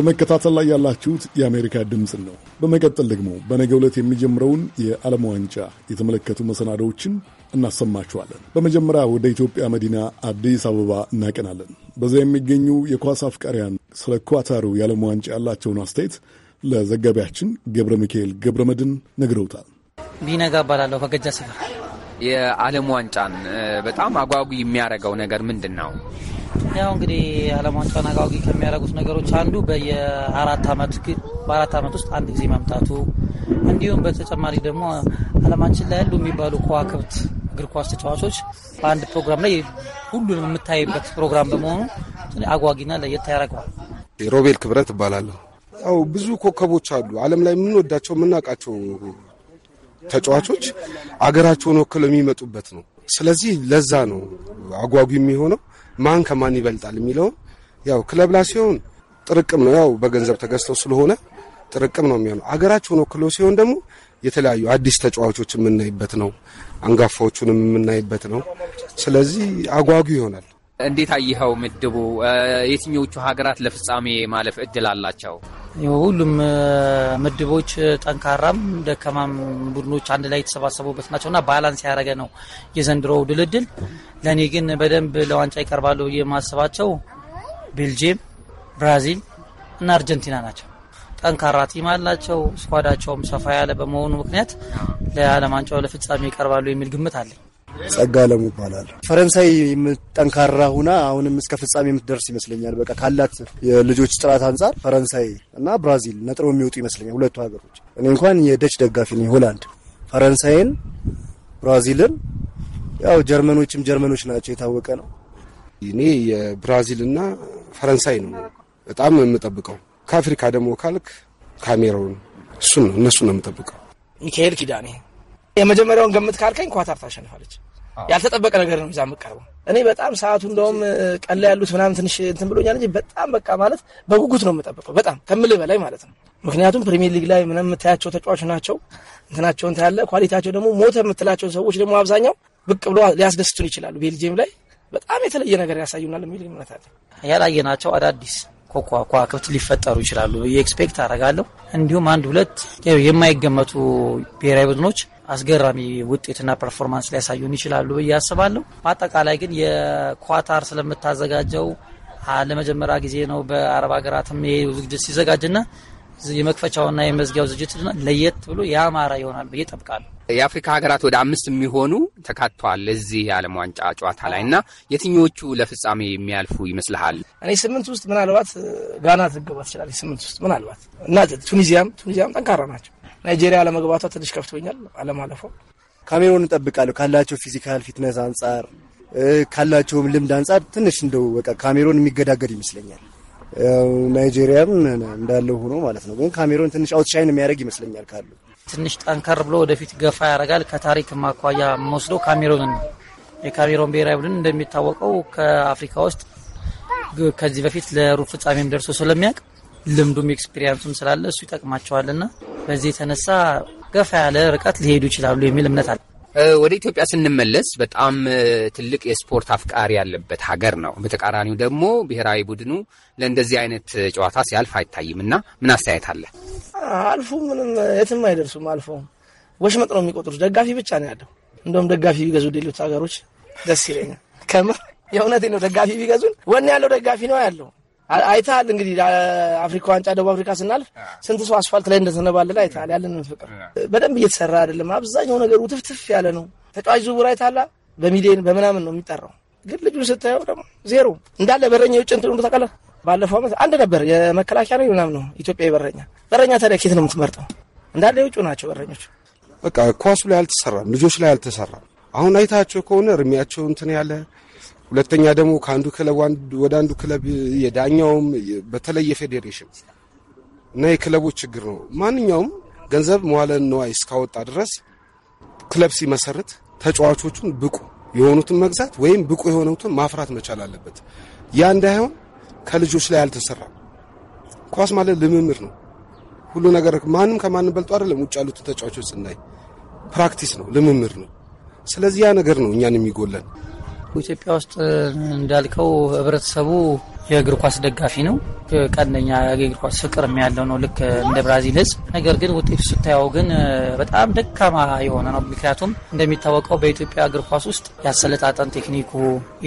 በመከታተል ላይ ያላችሁት የአሜሪካ ድምፅን ነው። በመቀጠል ደግሞ በነገ ዕለት የሚጀምረውን የዓለም ዋንጫ የተመለከቱ መሰናዶዎችን እናሰማችኋለን። በመጀመሪያ ወደ ኢትዮጵያ መዲና አዲስ አበባ እናቀናለን። በዚያ የሚገኙ የኳስ አፍቃሪያን ስለ ኳታሩ የዓለም ዋንጫ ያላቸውን አስተያየት ለዘጋቢያችን ገብረ ሚካኤል ገብረ መድን ነግረውታል። ቢነጋ እባላለሁ ከገጃ የዓለም ዋንጫን በጣም አጓጉ የሚያደርገው ነገር ምንድን ነው? ያው እንግዲህ ዓለም ዋንጫውን አጓጊ ከሚያደርጉት ነገሮች አንዱ በየአራት ዓመት በአራት ዓመት ውስጥ አንድ ጊዜ መምጣቱ እንዲሁም በተጨማሪ ደግሞ ዓለማችን ላይ ያሉ የሚባሉ ከዋክብት እግር ኳስ ተጫዋቾች በአንድ ፕሮግራም ላይ ሁሉንም የምታይበት ፕሮግራም በመሆኑ አጓጊና ለየት ያደርገዋል። ሮቤል ክብረት እባላለሁ። ያው ብዙ ኮከቦች አሉ ዓለም ላይ የምንወዳቸው የምናውቃቸው ተጫዋቾች አገራቸውን ወክለው የሚመጡበት ነው። ስለዚህ ለዛ ነው አጓጊ የሚሆነው። ማን ከማን ይበልጣል የሚለውን ያው ክለብ ላይ ሲሆን ጥርቅም ነው፣ ያው በገንዘብ ተገዝተው ስለሆነ ጥርቅም ነው የሚሆነው። አገራቸውን ወክሎ ሲሆን ደግሞ የተለያዩ አዲስ ተጫዋቾች የምናይበት ነው፣ አንጋፋዎቹንም የምናይበት ነው። ስለዚህ አጓጊ ይሆናል። እንዴት አየኸው ምድቡ? የትኞቹ ሀገራት ለፍጻሜ ማለፍ እድል አላቸው? ሁሉም ምድቦች ጠንካራም ደካማም ቡድኖች አንድ ላይ የተሰባሰቡበት ናቸውና ባላንስ ያደረገ ነው የዘንድሮው ድልድል። ለእኔ ግን በደንብ ለዋንጫ ይቀርባሉ ብዬ የማስባቸው ቤልጅየም፣ ብራዚል እና አርጀንቲና ናቸው። ጠንካራ ቲም አላቸው። ስኳዳቸውም ሰፋ ያለ በመሆኑ ምክንያት ለዓለም ዋንጫው ለፍጻሜ ይቀርባሉ የሚል ግምት አለኝ። ጸጋ አለሙ ይባላል። ፈረንሳይ ጠንካራ ሁና አሁንም እስከ ፍጻሜ የምትደርስ ይመስለኛል። በቃ ካላት የልጆች ጥራት አንጻር ፈረንሳይ እና ብራዚል ነጥረው የሚወጡ ይመስለኛል ሁለቱ ሀገሮች። እኔ እንኳን የደች ደጋፊ ነኝ። ሆላንድ ፈረንሳይን፣ ብራዚልን ያው ጀርመኖችም ጀርመኖች ናቸው የታወቀ ነው። እኔ የብራዚልና ፈረንሳይ ነው በጣም የምጠብቀው ከአፍሪካ ደግሞ ካልክ ካሜሮን እሱን ነው እነሱ ነው የምጠብቀው። ሚካኤል ኪዳኔ የመጀመሪያውን ገምት ካልከኝ ኳታር ታሸንፋለች። ያልተጠበቀ ነገር ነው እዛ የምቀርበው እኔ በጣም ሰዓቱ እንደውም ቀላ ያሉት ምናምን ትንሽ እንትን ብሎኛል እንጂ በጣም በቃ ማለት በጉጉት ነው የምጠብቀው በጣም ከምልህ በላይ ማለት ነው። ምክንያቱም ፕሪሚየር ሊግ ላይ ምንም የምታያቸው ተጫዋች ናቸው እንትናቸውን ታያለ ኳሊቲያቸው ደግሞ ሞተ የምትላቸውን ሰዎች ደግሞ አብዛኛው ብቅ ብሎ ሊያስደስቱን ይችላሉ። ቤልጅየም ላይ በጣም የተለየ ነገር ያሳዩናል የሚል እምነት አለ። ያላየናቸው አዳዲስ ከዋክብት ሊፈጠሩ ይችላሉ ብዬ ኤክስፔክት አደርጋለሁ። እንዲሁም አንድ ሁለት የማይገመቱ ብሔራዊ ቡድኖች አስገራሚ ውጤትና ፐርፎርማንስ ሊያሳዩን ይችላሉ ብዬ አስባለሁ። በአጠቃላይ ግን የኳታር ስለምታዘጋጀው ለመጀመሪያ ጊዜ ነው በአረብ ሀገራትም ይሄ ውድድር ሲዘጋጅና የመክፈቻውና የመዝጊያው ዝግጅት ለየት ብሎ ያማረ ይሆናል ብዬ ጠብቃለሁ። የአፍሪካ ሀገራት ወደ አምስት የሚሆኑ ተካተዋል እዚህ የዓለም ዋንጫ ጨዋታ ላይ እና የትኞቹ ለፍጻሜ የሚያልፉ ይመስልሃል? እኔ ስምንት ውስጥ ምናልባት ጋና ትገባ ትችላለች። ስምንት ውስጥ ምናልባት እና ቱኒዚያም ቱኒዚያም ጠንካራ ናቸው። ናይጄሪያ አለመግባቷ ትንሽ ከፍቶኛል፣ አለማለፏ። ካሜሮን እንጠብቃለሁ ካላቸው ፊዚካል ፊትነስ አንጻር ካላቸውም ልምድ አንጻር ትንሽ እንደው በቃ ካሜሮን የሚገዳገድ ይመስለኛል። ናይጄሪያም እንዳለው ሆኖ ማለት ነው። ግን ካሜሮን ትንሽ አውትሻይን የሚያደርግ ይመስለኛል ካሉ ትንሽ ጠንከር ብሎ ወደፊት ገፋ ያደርጋል። ከታሪክ ማኳያ የምወስደው ካሜሮን ነው። የካሜሮን ብሔራዊ ቡድን እንደሚታወቀው ከአፍሪካ ውስጥ ከዚህ በፊት ለሩብ ፍጻሜም ደርሶ ስለሚያውቅ ልምዱም ኤክስፒሪየንሱም ስላለ እሱ ይጠቅማቸዋልና በዚህ የተነሳ ገፋ ያለ ርቀት ሊሄዱ ይችላሉ የሚል እምነት አለ። ወደ ኢትዮጵያ ስንመለስ በጣም ትልቅ የስፖርት አፍቃሪ ያለበት ሀገር ነው። በተቃራኒው ደግሞ ብሔራዊ ቡድኑ ለእንደዚህ አይነት ጨዋታ ሲያልፍ አይታይም እና ምን አስተያየት አለ? አልፉ ምንም የትም አይደርሱም። አልፎ ወሽመጥ ነው የሚቆጥሩት። ደጋፊ ብቻ ነው ያለው። እንደውም ደጋፊ ቢገዙ ሌሎች ሀገሮች ደስ ይለኛል። ከምር የእውነቴ ነው። ደጋፊ ቢገዙን ወኔ ያለው ደጋፊ ነው ያለው አይተሃል እንግዲህ አፍሪካ ዋንጫ ደቡብ አፍሪካ ስናልፍ ስንት ሰው አስፋልት ላይ እንደተነባለለ አይተሃል። ያለንን ፍቅር በደንብ እየተሰራ አይደለም። አብዛኛው ነገር ውትፍትፍ ያለ ነው። ተጫዋች ዝውውር አይታላ በሚሊዮን በምናምን ነው የሚጠራው። ግን ልጁ ስታየው ደግሞ ዜሮ እንዳለ በረኛ ውጭ እንትን ታውቃለህ። ባለፈው ዓመት አንድ ነበር የመከላከያ ነው ምናምን ነው ኢትዮጵያ የበረኛ በረኛ። ታዲያ ኬት ነው የምትመርጠው? እንዳለ የውጭ ናቸው በረኞች። በቃ ኳሱ ላይ አልተሰራም፣ ልጆች ላይ አልተሰራም። አሁን አይታቸው ከሆነ እርሜያቸው እንትን ያለ ሁለተኛ ደግሞ ከአንዱ ክለብ ወደ አንዱ ክለብ የዳኛውም በተለይ የፌዴሬሽን እና የክለቦች ችግር ነው። ማንኛውም ገንዘብ መዋለ ንዋይ እስካወጣ ድረስ ክለብ ሲመሰርት ተጫዋቾቹን ብቁ የሆኑትን መግዛት ወይም ብቁ የሆኑትን ማፍራት መቻል አለበት። ያ እንዳይሆን ከልጆች ላይ አልተሰራም። ኳስ ማለት ልምምድ ነው። ሁሉ ነገር ማንም ከማንም በልጦ አይደለም። ውጭ ያሉትን ተጫዋቾች ስናይ ፕራክቲስ ነው፣ ልምምድ ነው። ስለዚህ ያ ነገር ነው እኛን የሚጎለን። ኢትዮጵያ ውስጥ እንዳልከው ህብረተሰቡ የእግር ኳስ ደጋፊ ነው። ቀንደኛ የእግር ኳስ ፍቅር ያለው ነው ልክ እንደ ብራዚል ህዝብ። ነገር ግን ውጤቱ ስታየው ግን በጣም ደካማ የሆነ ነው። ምክንያቱም እንደሚታወቀው በኢትዮጵያ እግር ኳስ ውስጥ የአሰለጣጠን ቴክኒኩ፣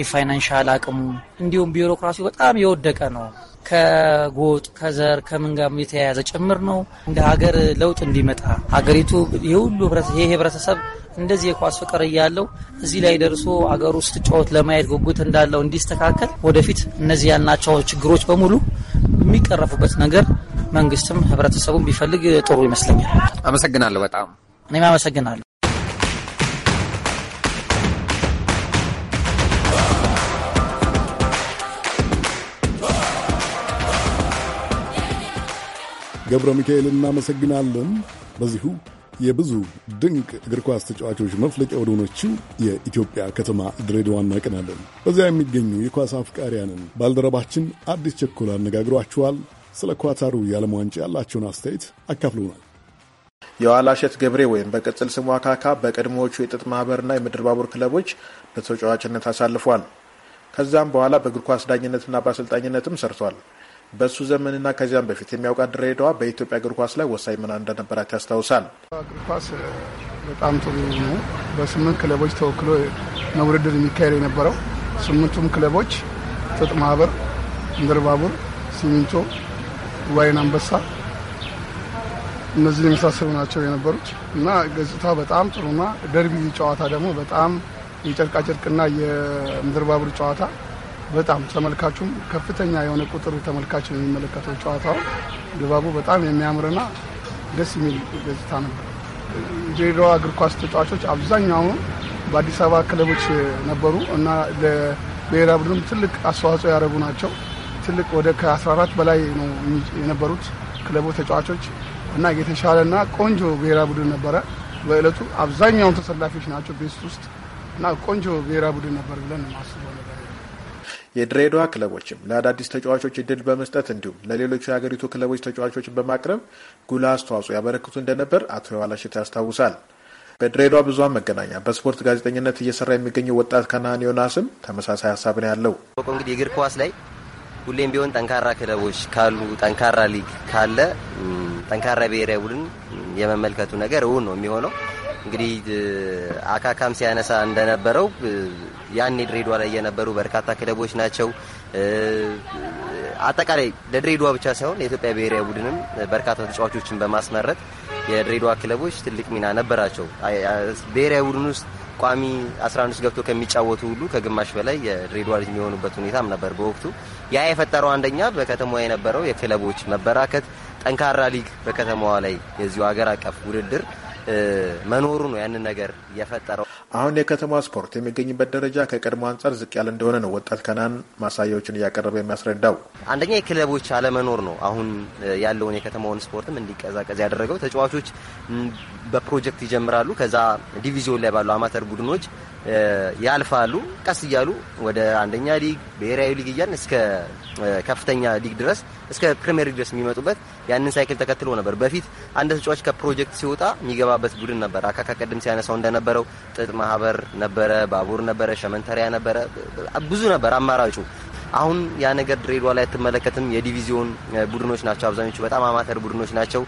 የፋይናንሻል አቅሙ እንዲሁም ቢሮክራሲው በጣም የወደቀ ነው። ከጎጥ ከዘር ከምን ጋር የተያያዘ ጭምር ነው። እንደ ሀገር ለውጥ እንዲመጣ ሀገሪቱ የሁሉ ሁሉ ይህ ህብረተሰብ እንደዚህ የኳስ ፍቅር እያለው እዚህ ላይ ደርሶ አገር ውስጥ ጨዋታ ለማየት ጉጉት እንዳለው እንዲስተካከል ወደፊት እነዚህ ያልናቸው ችግሮች በሙሉ የሚቀረፉበት ነገር መንግስትም ህብረተሰቡም ቢፈልግ ጥሩ ይመስለኛል። አመሰግናለሁ። በጣም እኔም አመሰግናለሁ። ገብረ ሚካኤል እናመሰግናለን። በዚሁ የብዙ ድንቅ እግር ኳስ ተጫዋቾች መፍለቂያ ወደ ሆነችው የኢትዮጵያ ከተማ ድሬዳዋ እናቀናለን። በዚያ የሚገኙ የኳስ አፍቃሪያንን ባልደረባችን አዲስ ቸኮል አነጋግሯችኋል። ስለ ኳታሩ የዓለም ዋንጫ ያላቸውን አስተያየት አካፍለውናል። የዋላሸት ገብሬ ወይም በቅጽል ስሙ አካካ በቀድሞዎቹ የጥጥ ማህበርና የምድር ባቡር ክለቦች በተጫዋችነት አሳልፏል። ከዚያም በኋላ በእግር ኳስ ዳኝነትና በአሰልጣኝነትም ሰርቷል። በእሱ ዘመንና ከዚያም በፊት የሚያውቃት ድሬዳዋ በኢትዮጵያ እግር ኳስ ላይ ወሳኝ ምና እንደነበራት ያስታውሳል። እግር ኳስ በጣም ጥሩ ነው። በስምንት ክለቦች ተወክሎ ነው ውድድር የሚካሄድ የነበረው። ስምንቱም ክለቦች ጥጥ ማህበር፣ ባቡር ሲሚንቶ፣ ዋይን አንበሳ እነዚህ የመሳሰሉ ናቸው የነበሩት እና ገጽታ በጣም ጥሩና ደርቢ ጨዋታ ደግሞ በጣም የጨርቃጨርቅና የምድር ባቡር ጨዋታ በጣም ተመልካቹም ከፍተኛ የሆነ ቁጥር ተመልካች ነው የሚመለከተው። ጨዋታው ድባቡ በጣም የሚያምርና ደስ የሚል ገጽታ ነበር። ድሬዳዋ እግር ኳስ ተጫዋቾች አብዛኛውን በአዲስ አበባ ክለቦች ነበሩ እና ለብሔራዊ ቡድንም ትልቅ አስተዋጽኦ ያደረጉ ናቸው። ትልቅ ወደ ከ14 በላይ ነው የነበሩት ክለቦች ተጫዋቾች እና የተሻለና ቆንጆ ብሔራዊ ቡድን ነበረ። በእለቱ አብዛኛውን ተሰላፊዎች ናቸው ቤስት ውስጥ እና ቆንጆ ብሔራዊ ቡድን ነበር ብለን ማስበው የድሬዳዋ ክለቦችም ለአዳዲስ ተጫዋቾች እድል በመስጠት እንዲሁም ለሌሎቹ የሀገሪቱ ክለቦች ተጫዋቾችን በማቅረብ ጉላ አስተዋጽኦ ያበረክቱ እንደነበር አቶ የዋላሽት ያስታውሳል። በድሬዳዋ ብዙሃን መገናኛ በስፖርት ጋዜጠኝነት እየሰራ የሚገኘው ወጣት ከነሃን ዮናስም ተመሳሳይ ሀሳብ ነው ያለው። እንግዲህ እግር ኳስ ላይ ሁሌም ቢሆን ጠንካራ ክለቦች ካሉ፣ ጠንካራ ሊግ ካለ፣ ጠንካራ ብሔራዊ ቡድን የመመልከቱ ነገር እውን ነው የሚሆነው እንግዲህ አካካም ሲያነሳ እንደነበረው ያኔ ድሬዷ ላይ የነበሩ በርካታ ክለቦች ናቸው። አጠቃላይ ለድሬዷ ብቻ ሳይሆን የኢትዮጵያ ብሔራዊ ቡድንም በርካታ ተጫዋቾችን በማስመረጥ የድሬዷ ክለቦች ትልቅ ሚና ነበራቸው። ብሔራዊ ቡድን ውስጥ ቋሚ 11 ገብቶ ከሚጫወቱ ሁሉ ከግማሽ በላይ የድሬዷ ልጅ የሚሆኑበት ሁኔታም ነበር በወቅቱ። ያ የፈጠረው አንደኛ በከተማዋ የነበረው የክለቦች መበራከት፣ ጠንካራ ሊግ በከተማዋ ላይ የዚሁ ሀገር አቀፍ ውድድር መኖሩ ነው ያንን ነገር የፈጠረው። አሁን የከተማ ስፖርት የሚገኝበት ደረጃ ከቀድሞ አንጻር ዝቅ ያለ እንደሆነ ነው ወጣት ከናን ማሳያዎችን እያቀረበ የሚያስረዳው። አንደኛ የክለቦች አለመኖር ነው አሁን ያለውን የከተማውን ስፖርትም እንዲቀዛቀዝ ያደረገው። ተጫዋቾች በፕሮጀክት ይጀምራሉ። ከዛ ዲቪዚዮን ላይ ባሉ አማተር ቡድኖች ያልፋሉ። ቀስ እያሉ ወደ አንደኛ ሊግ፣ ብሔራዊ ሊግ እያልን እስከ ከፍተኛ ሊግ ድረስ እስከ ፕሪሚየር ሊግ ድረስ የሚመጡበት ያንን ሳይክል ተከትሎ ነበር። በፊት አንድ ተጫዋች ከፕሮጀክት ሲወጣ የሚገባበት ቡድን ነበር። አካካ ቅድም ሲያነሳው እንደነበረው ጥጥ ማህበር ነበረ፣ ባቡር ነበረ፣ ሸመንተሪያ ነበረ፣ ብዙ ነበር አማራጩ። አሁን ያ ነገር ድሬዳዋ ላይ አትመለከትም። የዲቪዚዮን ቡድኖች ናቸው አብዛኞቹ፣ በጣም አማተር ቡድኖች ናቸው።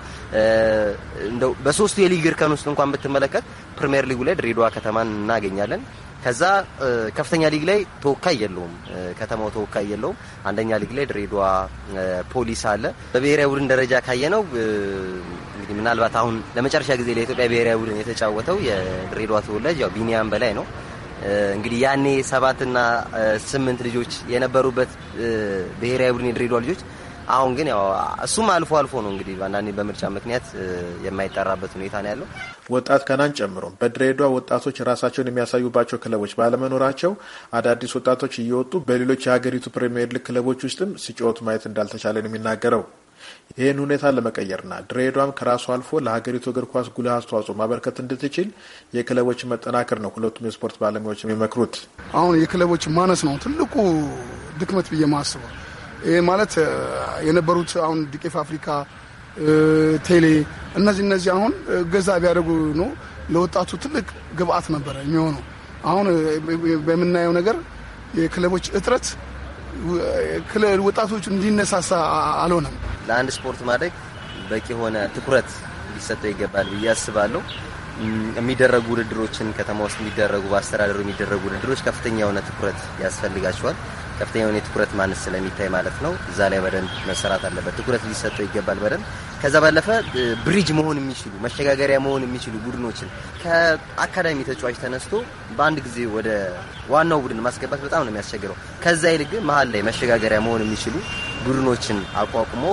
እንደው በሶስቱ የሊግ እርከን ውስጥ እንኳን ብትመለከት ፕሪሚየር ሊጉ ላይ ድሬዳዋ ከተማን እናገኛለን። ከዛ ከፍተኛ ሊግ ላይ ተወካይ የለውም፣ ከተማው ተወካይ የለውም። አንደኛ ሊግ ላይ ድሬዳዋ ፖሊስ አለ። በብሔራዊ ቡድን ደረጃ ካየነው እንግዲህ ምናልባት አሁን ለመጨረሻ ጊዜ ለኢትዮጵያ ብሔራዊ ቡድን የተጫወተው የድሬዳዋ ተወላጅ ያው ቢኒያም በላይ ነው። እንግዲህ ያኔ ሰባትና ስምንት ልጆች የነበሩበት ብሔራዊ ቡድን የድሬዳዋ ልጆች አሁን ግን ያው እሱም አልፎ አልፎ ነው እንግዲህ አንዳንዴ በምርጫ ምክንያት የማይጠራበት ሁኔታ ነው ያለው። ወጣት ከናን ጨምሮ በድሬዳዋ ወጣቶች ራሳቸውን የሚያሳዩባቸው ክለቦች ባለመኖራቸው አዳዲስ ወጣቶች እየወጡ በሌሎች የሀገሪቱ ፕሪሚየር ሊግ ክለቦች ውስጥም ሲጫወቱ ማየት እንዳልተቻለ ነው የሚናገረው። ይህን ሁኔታ ለመቀየርና ድሬዳዋም ከራሱ አልፎ ለሀገሪቱ እግር ኳስ ጉልህ አስተዋጽኦ ማበርከት እንድትችል የክለቦች መጠናከር ነው ሁለቱም የስፖርት ባለሙያዎች የሚመክሩት። አሁን የክለቦች ማነስ ነው ትልቁ ድክመት ብዬ ማስበው። ይህ ማለት የነበሩት አሁን ዲቄፍ አፍሪካ፣ ቴሌ እነዚህ እነዚህ አሁን ገዛ ቢያደርጉ ነው ለወጣቱ ትልቅ ግብአት ነበረ የሚሆነው። አሁን በምናየው ነገር የክለቦች እጥረት ወጣቶች እንዲነሳሳ አልሆነም። ለአንድ ስፖርት ማድረግ በቂ የሆነ ትኩረት ሊሰጠው ይገባል ብዬ አስባለሁ። የሚደረጉ ውድድሮችን ከተማ ውስጥ የሚደረጉ በአስተዳደሩ የሚደረጉ ውድድሮች ከፍተኛ የሆነ ትኩረት ያስፈልጋቸዋል። ከፍተኛ የሆነ የትኩረት ማነስ ስለሚታይ ማለት ነው። እዛ ላይ በደንብ መሰራት አለበት። ትኩረት ሊሰጠው ይገባል በደንብ ከዛ ባለፈ ብሪጅ መሆን የሚችሉ መሸጋገሪያ መሆን የሚችሉ ቡድኖችን ከአካዳሚ ተጫዋች ተነስቶ በአንድ ጊዜ ወደ ዋናው ቡድን ማስገባት በጣም ነው የሚያስቸግረው። ከዛ ይልቅ ግን መሀል ላይ መሸጋገሪያ መሆን የሚችሉ ቡድኖችን አቋቁሞ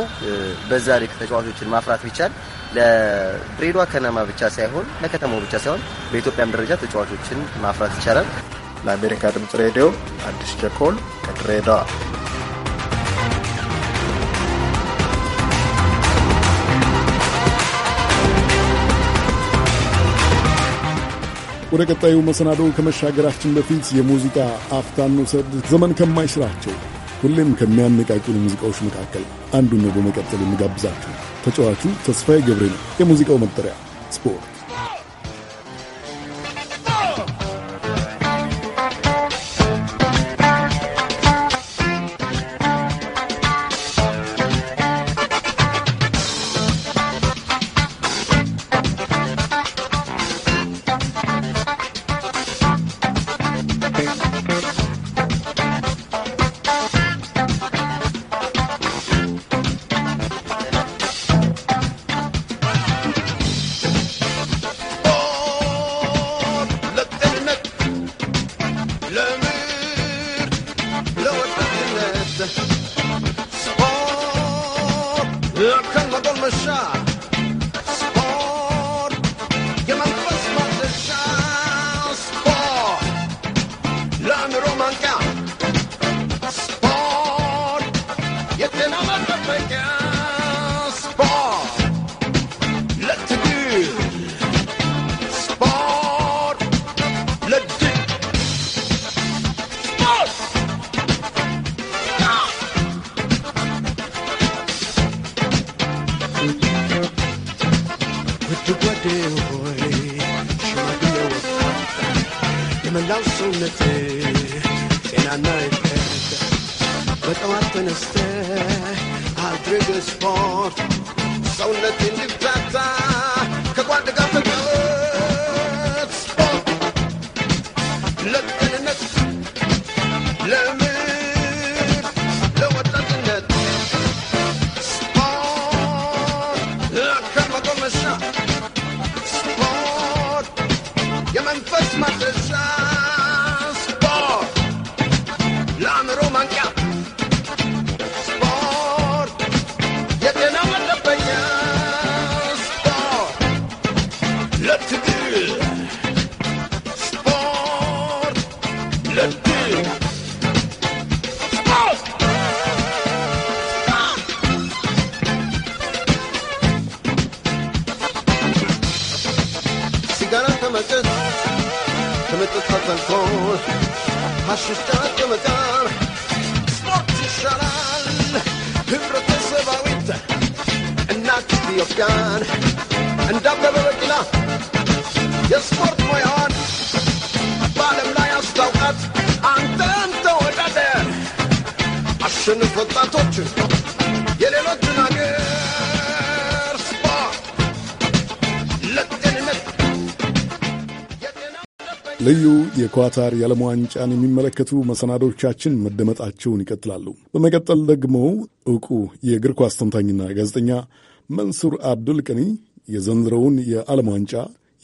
በዛ ልክ ተጫዋቾችን ማፍራት ቢቻል ለድሬዳዋ ከነማ ብቻ ሳይሆን ለከተማው ብቻ ሳይሆን በኢትዮጵያም ደረጃ ተጫዋቾችን ማፍራት ይቻላል። ለአሜሪካ ድምጽ ሬዲዮ አዲስ ቸኮል ከድሬዳዋ ወደ ቀጣዩ መሰናዶ ከመሻገራችን በፊት የሙዚቃ አፍታን ውሰድ። ዘመን ከማይሽራቸው ሁሌም ከሚያነቃቁን ሙዚቃዎች መካከል አንዱ ነው በመቀጠል የሚጋብዛችሁ። ተጫዋቹ ተስፋዬ ገብሬ ነው። የሙዚቃው መጠሪያ ስፖርት መላው ሰውነት ጤናና ይፈት በጠዋት ተነስተ አድርግ ስፖርት ሰውነቴ እንዲፍታታ ከጓደጋ ፍቅር የኳታር የዓለም ዋንጫን የሚመለከቱ መሰናዶቻችን መደመጣቸውን ይቀጥላሉ። በመቀጠል ደግሞ እውቁ የእግር ኳስ ተንታኝና ጋዜጠኛ መንሱር አብዱል ቀኒ የዘንድሮውን የዓለም ዋንጫ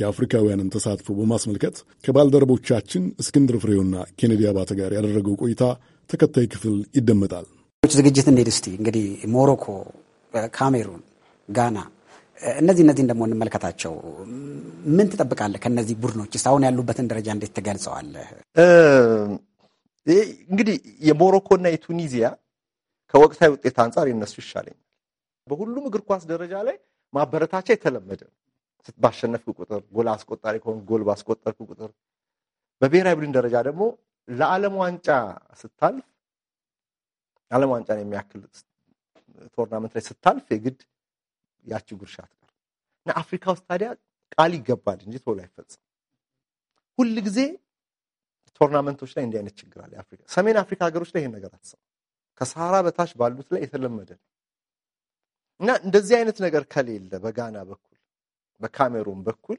የአፍሪካውያንን ተሳትፎ በማስመልከት ከባልደረቦቻችን እስክንድር ፍሬውና ኬኔዲ አባተ ጋር ያደረገው ቆይታ ተከታይ ክፍል ይደመጣል። ዝግጅት እንሂድ እስቲ እንግዲህ ሞሮኮ፣ ካሜሩን፣ ጋና እነዚህ እነዚህን ደግሞ እንመልከታቸው። ምን ትጠብቃለህ ከእነዚህ ቡድኖችስ? አሁን ያሉበትን ደረጃ እንዴት ትገልጸዋለህ? እንግዲህ የሞሮኮ እና የቱኒዚያ ከወቅታዊ ውጤት አንጻር የነሱ ይሻለኛል። በሁሉም እግር ኳስ ደረጃ ላይ ማበረታቻ የተለመደ ነው። ባሸነፍክ ቁጥር ጎል አስቆጣሪ ከሆንክ ጎል ባስቆጠርኩ ቁጥር፣ በብሔራዊ ቡድን ደረጃ ደግሞ ለዓለም ዋንጫ ስታልፍ ዓለም ዋንጫን የሚያክል ቶርናመንት ላይ ስታልፍ የግድ ያቺ ጉርሻት እና አፍሪካ ውስጥ ታዲያ ቃል ይገባል እንጂ ቶሎ አይፈጽም። ሁል ጊዜ ቶርናመንቶች ላይ እንዲህ አይነት ችግር አለ። አፍሪካ ሰሜን አፍሪካ ሀገሮች ላይ ይሄን ነገር አትሰማም። ከሰሃራ በታች ባሉት ላይ የተለመደ ነው እና እንደዚህ አይነት ነገር ከሌለ በጋና በኩል በካሜሩን በኩል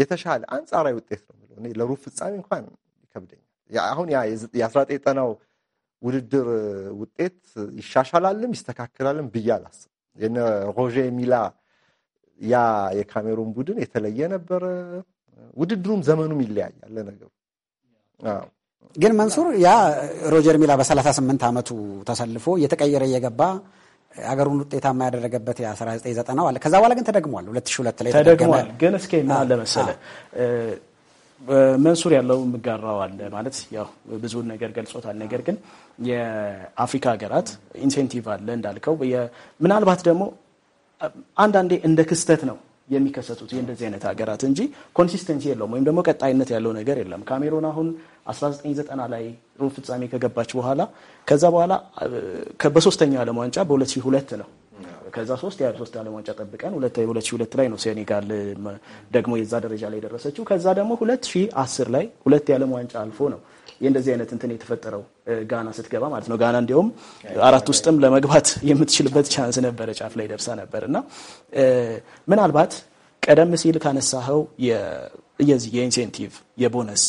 የተሻለ አንጻራዊ ውጤት ነው የምለው እኔ ለሩብ ፍጻሜ እንኳን ይከብደኛል። አሁን የአስራ ዘጠኝ ጠናው ውድድር ውጤት ይሻሻላልም ይስተካከላልም ብዬ አላስብም። ሮዤ ሚላ ያ የካሜሩን ቡድን የተለየ ነበረ። ውድድሩም ዘመኑም ይለያያል ለነገሩ። ግን መንሱር ያ ሮጀር ሚላ በ38 ዓመቱ ተሰልፎ እየተቀየረ እየገባ አገሩን ውጤታማ ያደረገበት የ1990 አለ። ከዛ በኋላ ግን ተደግሟል። 2002 ላይ ተደግሟል። ግን እስኪ ምን መንሱር ያለው የምጋራው አለ ማለት ያው ብዙውን ነገር ገልጾታል። ነገር ግን የአፍሪካ ሀገራት ኢንሴንቲቭ አለ እንዳልከው፣ ምናልባት ደግሞ አንዳንዴ እንደ ክስተት ነው የሚከሰቱት የእንደዚህ አይነት ሀገራት እንጂ ኮንሲስተንሲ የለውም ወይም ደግሞ ቀጣይነት ያለው ነገር የለም። ካሜሩን አሁን 1990 ላይ ሩብ ፍጻሜ ከገባች በኋላ ከዛ በኋላ በሶስተኛው ዓለም ዋንጫ በ2002 ነው ከዛ ሶስት ያ ሶስት ዓለም ዋንጫ ጠብቀን ሁለት 2 ሁለት ላይ ነው ሴኔጋል ደግሞ የዛ ደረጃ ላይ የደረሰችው። ከዛ ደግሞ ሁለት ሺ አስር ላይ ሁለት የዓለም ዋንጫ አልፎ ነው የእንደዚህ አይነት እንትን የተፈጠረው ጋና ስትገባ ማለት ነው። ጋና እንዲሁም አራት ውስጥም ለመግባት የምትችልበት ቻንስ ነበረ፣ ጫፍ ላይ ደርሳ ነበር እና ምናልባት ቀደም ሲል ካነሳኸው የዚህ የኢንሴንቲቭ የቦነስ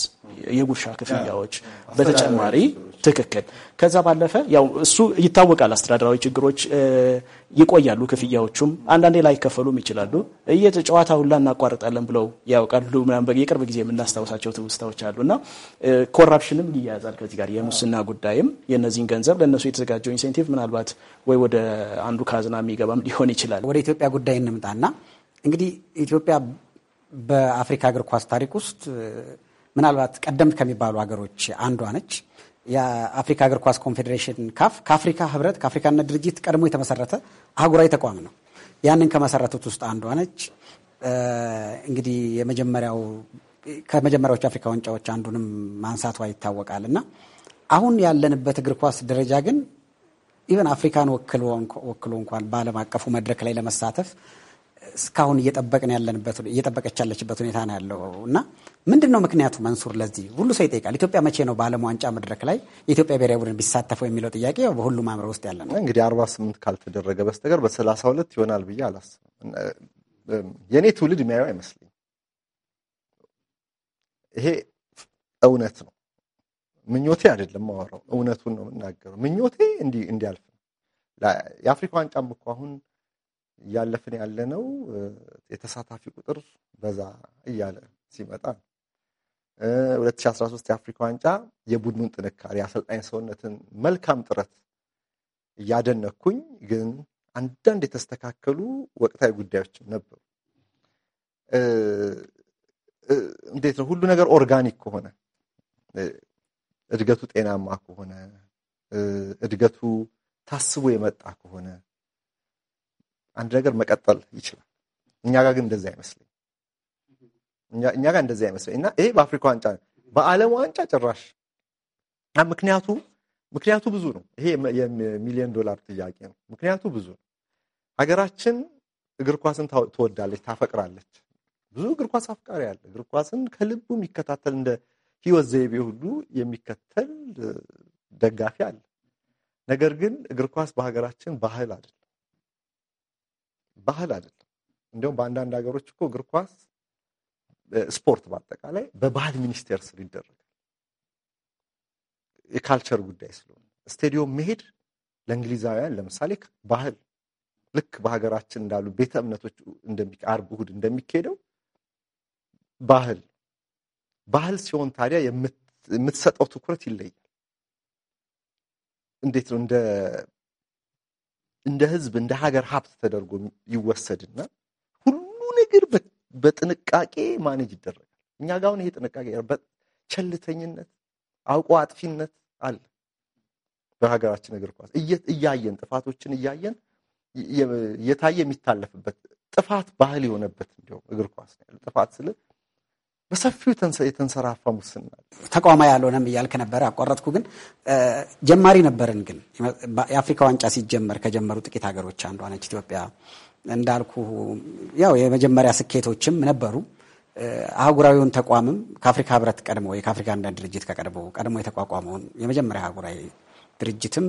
የጉርሻ ክፍያዎች በተጨማሪ ትክክል። ከዛ ባለፈ ያው እሱ ይታወቃል። አስተዳደራዊ ችግሮች ይቆያሉ። ክፍያዎቹም አንዳንዴ ላይከፈሉም ይችላሉ። ጨዋታ ሁላ እናቋርጣለን ብለው ያውቃሉ። የቅርብ ጊዜ የምናስታውሳቸው ትውስታዎች አሉ እና ኮራፕሽንም ይያያዛል ከዚህ ጋር የሙስና ጉዳይም የነዚህን ገንዘብ ለእነሱ የተዘጋጀው ኢንሴንቲቭ ምናልባት ወይ ወደ አንዱ ካዝና የሚገባም ሊሆን ይችላል። ወደ ኢትዮጵያ ጉዳይ እንምጣና እንግዲህ ኢትዮጵያ በአፍሪካ እግር ኳስ ታሪክ ውስጥ ምናልባት ቀደምት ከሚባሉ ሀገሮች አንዷ ነች። የአፍሪካ እግር ኳስ ኮንፌዴሬሽን ካፍ ከአፍሪካ ህብረት ከአፍሪካነት ድርጅት ቀድሞ የተመሰረተ አህጉራዊ ተቋም ነው። ያንን ከመሰረቱት ውስጥ አንዷ ነች። እንግዲህ የመጀመሪያው ከመጀመሪያዎቹ አፍሪካ ዋንጫዎች አንዱንም ማንሳቷ ይታወቃል እና አሁን ያለንበት እግር ኳስ ደረጃ ግን ኢቨን አፍሪካን ወክሎ እንኳን በዓለም አቀፉ መድረክ ላይ ለመሳተፍ እስካሁን እየጠበቅን ያለንበት እየጠበቀች ያለችበት ሁኔታ ነው ያለው እና ምንድን ነው ምክንያቱ መንሱር? ለዚህ ሁሉ ሰው ይጠይቃል። ኢትዮጵያ መቼ ነው በዓለም ዋንጫ መድረክ ላይ የኢትዮጵያ ብሔራዊ ቡድን ቢሳተፈው የሚለው ጥያቄ በሁሉም አእምሮ ውስጥ ያለ ነው። እንግዲህ አርባ ስምንት ካልተደረገ በስተቀር በሰላሳ ሁለት ይሆናል ብዬ አላስብም። የእኔ ትውልድ የሚያየው አይመስለኝም። ይሄ እውነት ነው። ምኞቴ አይደለም ማወራው፣ እውነቱን ነው የምናገረው። ምኞቴ እንዲያልፍ የአፍሪካ ዋንጫም እኮ አሁን እያለፍን ያለነው የተሳታፊ ቁጥር በዛ እያለ ሲመጣ ነው። 2013 የአፍሪካ ዋንጫ የቡድኑን ጥንካሬ አሰልጣኝ ሰውነትን መልካም ጥረት እያደነኩኝ ግን አንዳንድ የተስተካከሉ ወቅታዊ ጉዳዮችም ነበሩ። እንዴት ነው ሁሉ ነገር ኦርጋኒክ ከሆነ እድገቱ ጤናማ ከሆነ እድገቱ ታስቦ የመጣ ከሆነ አንድ ነገር መቀጠል ይችላል። እኛ ጋር ግን እንደዚህ አይመስለኝ እኛ ጋር እንደዚህ አይመስለኝ እና ይሄ በአፍሪካ ዋንጫ በዓለም ዋንጫ ጭራሽ ምክንያቱ ምክንያቱ ብዙ ነው። ይሄ የሚሊዮን ዶላር ጥያቄ ነው። ምክንያቱ ብዙ ነው። ሀገራችን እግር ኳስን ትወዳለች፣ ታፈቅራለች። ብዙ እግር ኳስ አፍቃሪ አለ። እግር ኳስን ከልቡ የሚከታተል እንደ ህይወት ዘይቤ ሁሉ የሚከተል ደጋፊ አለ። ነገር ግን እግር ኳስ በሀገራችን ባህል አይደለም። ባህል አይደለም። እንዲሁም በአንዳንድ ሀገሮች እኮ እግር ኳስ ስፖርት በአጠቃላይ በባህል ሚኒስቴር ስር ይደረጋል። የካልቸር ጉዳይ ስለሆነ ስቴዲዮም መሄድ ለእንግሊዛውያን ለምሳሌ ባህል ልክ በሀገራችን እንዳሉ ቤተ እምነቶች አርብ እሑድ እንደሚካሄደው ባህል ባህል ሲሆን ታዲያ የምትሰጠው ትኩረት ይለያል። እንዴት ነው እንደ እንደ ህዝብ እንደ ሀገር ሀብት ተደርጎ ይወሰድና ሁሉ ነገር በጥንቃቄ ማኔጅ ይደረጋል። እኛ ጋር አሁን ይሄ ጥንቃቄ ቸልተኝነት፣ አውቆ አጥፊነት አለ በሀገራችን እግር ኳስ እያየን ጥፋቶችን እያየን የታየ የሚታለፍበት ጥፋት ባህል የሆነበት እንዲሁም እግር ኳስ ጥፋት ስለ በሰፊው የተንሰራፋ ሙስና ተቋማዊ ያልሆነም እያልክ ነበረ፣ አቋረጥኩ። ግን ጀማሪ ነበርን። ግን የአፍሪካ ዋንጫ ሲጀመር ከጀመሩ ጥቂት ሀገሮች አንዷ ነች ኢትዮጵያ። እንዳልኩ ያው የመጀመሪያ ስኬቶችም ነበሩ። አህጉራዊውን ተቋምም ከአፍሪካ ህብረት ቀድሞ ከአፍሪካ አንድነት ድርጅት ከቀድሞ ቀድሞ የተቋቋመውን የመጀመሪያ አህጉራዊ ድርጅትም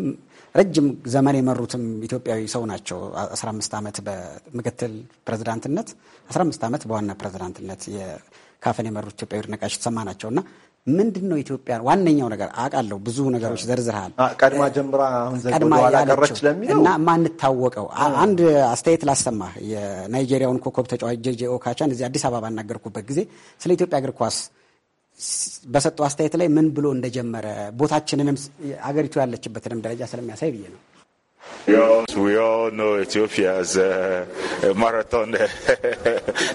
ረጅም ዘመን የመሩትም ኢትዮጵያዊ ሰው ናቸው። 15 ዓመት በምክትል ፕሬዝዳንትነት፣ 15 ዓመት በዋና ፕሬዝዳንትነት ካፍን የመሩት ኢትዮጵያዊ ነቃሽ ተሰማ ናቸው እና ምንድን ነው ኢትዮጵያ ዋነኛው ነገር አውቃለሁ፣ ብዙ ነገሮች ዘርዝርሃል። ቀድማ ጀምራ አሁን ዘቀረች ለሚለው እና ማንታወቀው አንድ አስተያየት ላሰማ። የናይጄሪያውን ኮከብ ተጫዋች ጄጄ ኦካቻን እዚህ አዲስ አበባ ባናገርኩበት ጊዜ ስለ ኢትዮጵያ እግር ኳስ በሰጠው አስተያየት ላይ ምን ብሎ እንደጀመረ ቦታችንንም አገሪቱ ያለችበትንም ደረጃ ስለሚያሳይ ብዬ ነው። We all know Ethiopia as a, a marathon *laughs*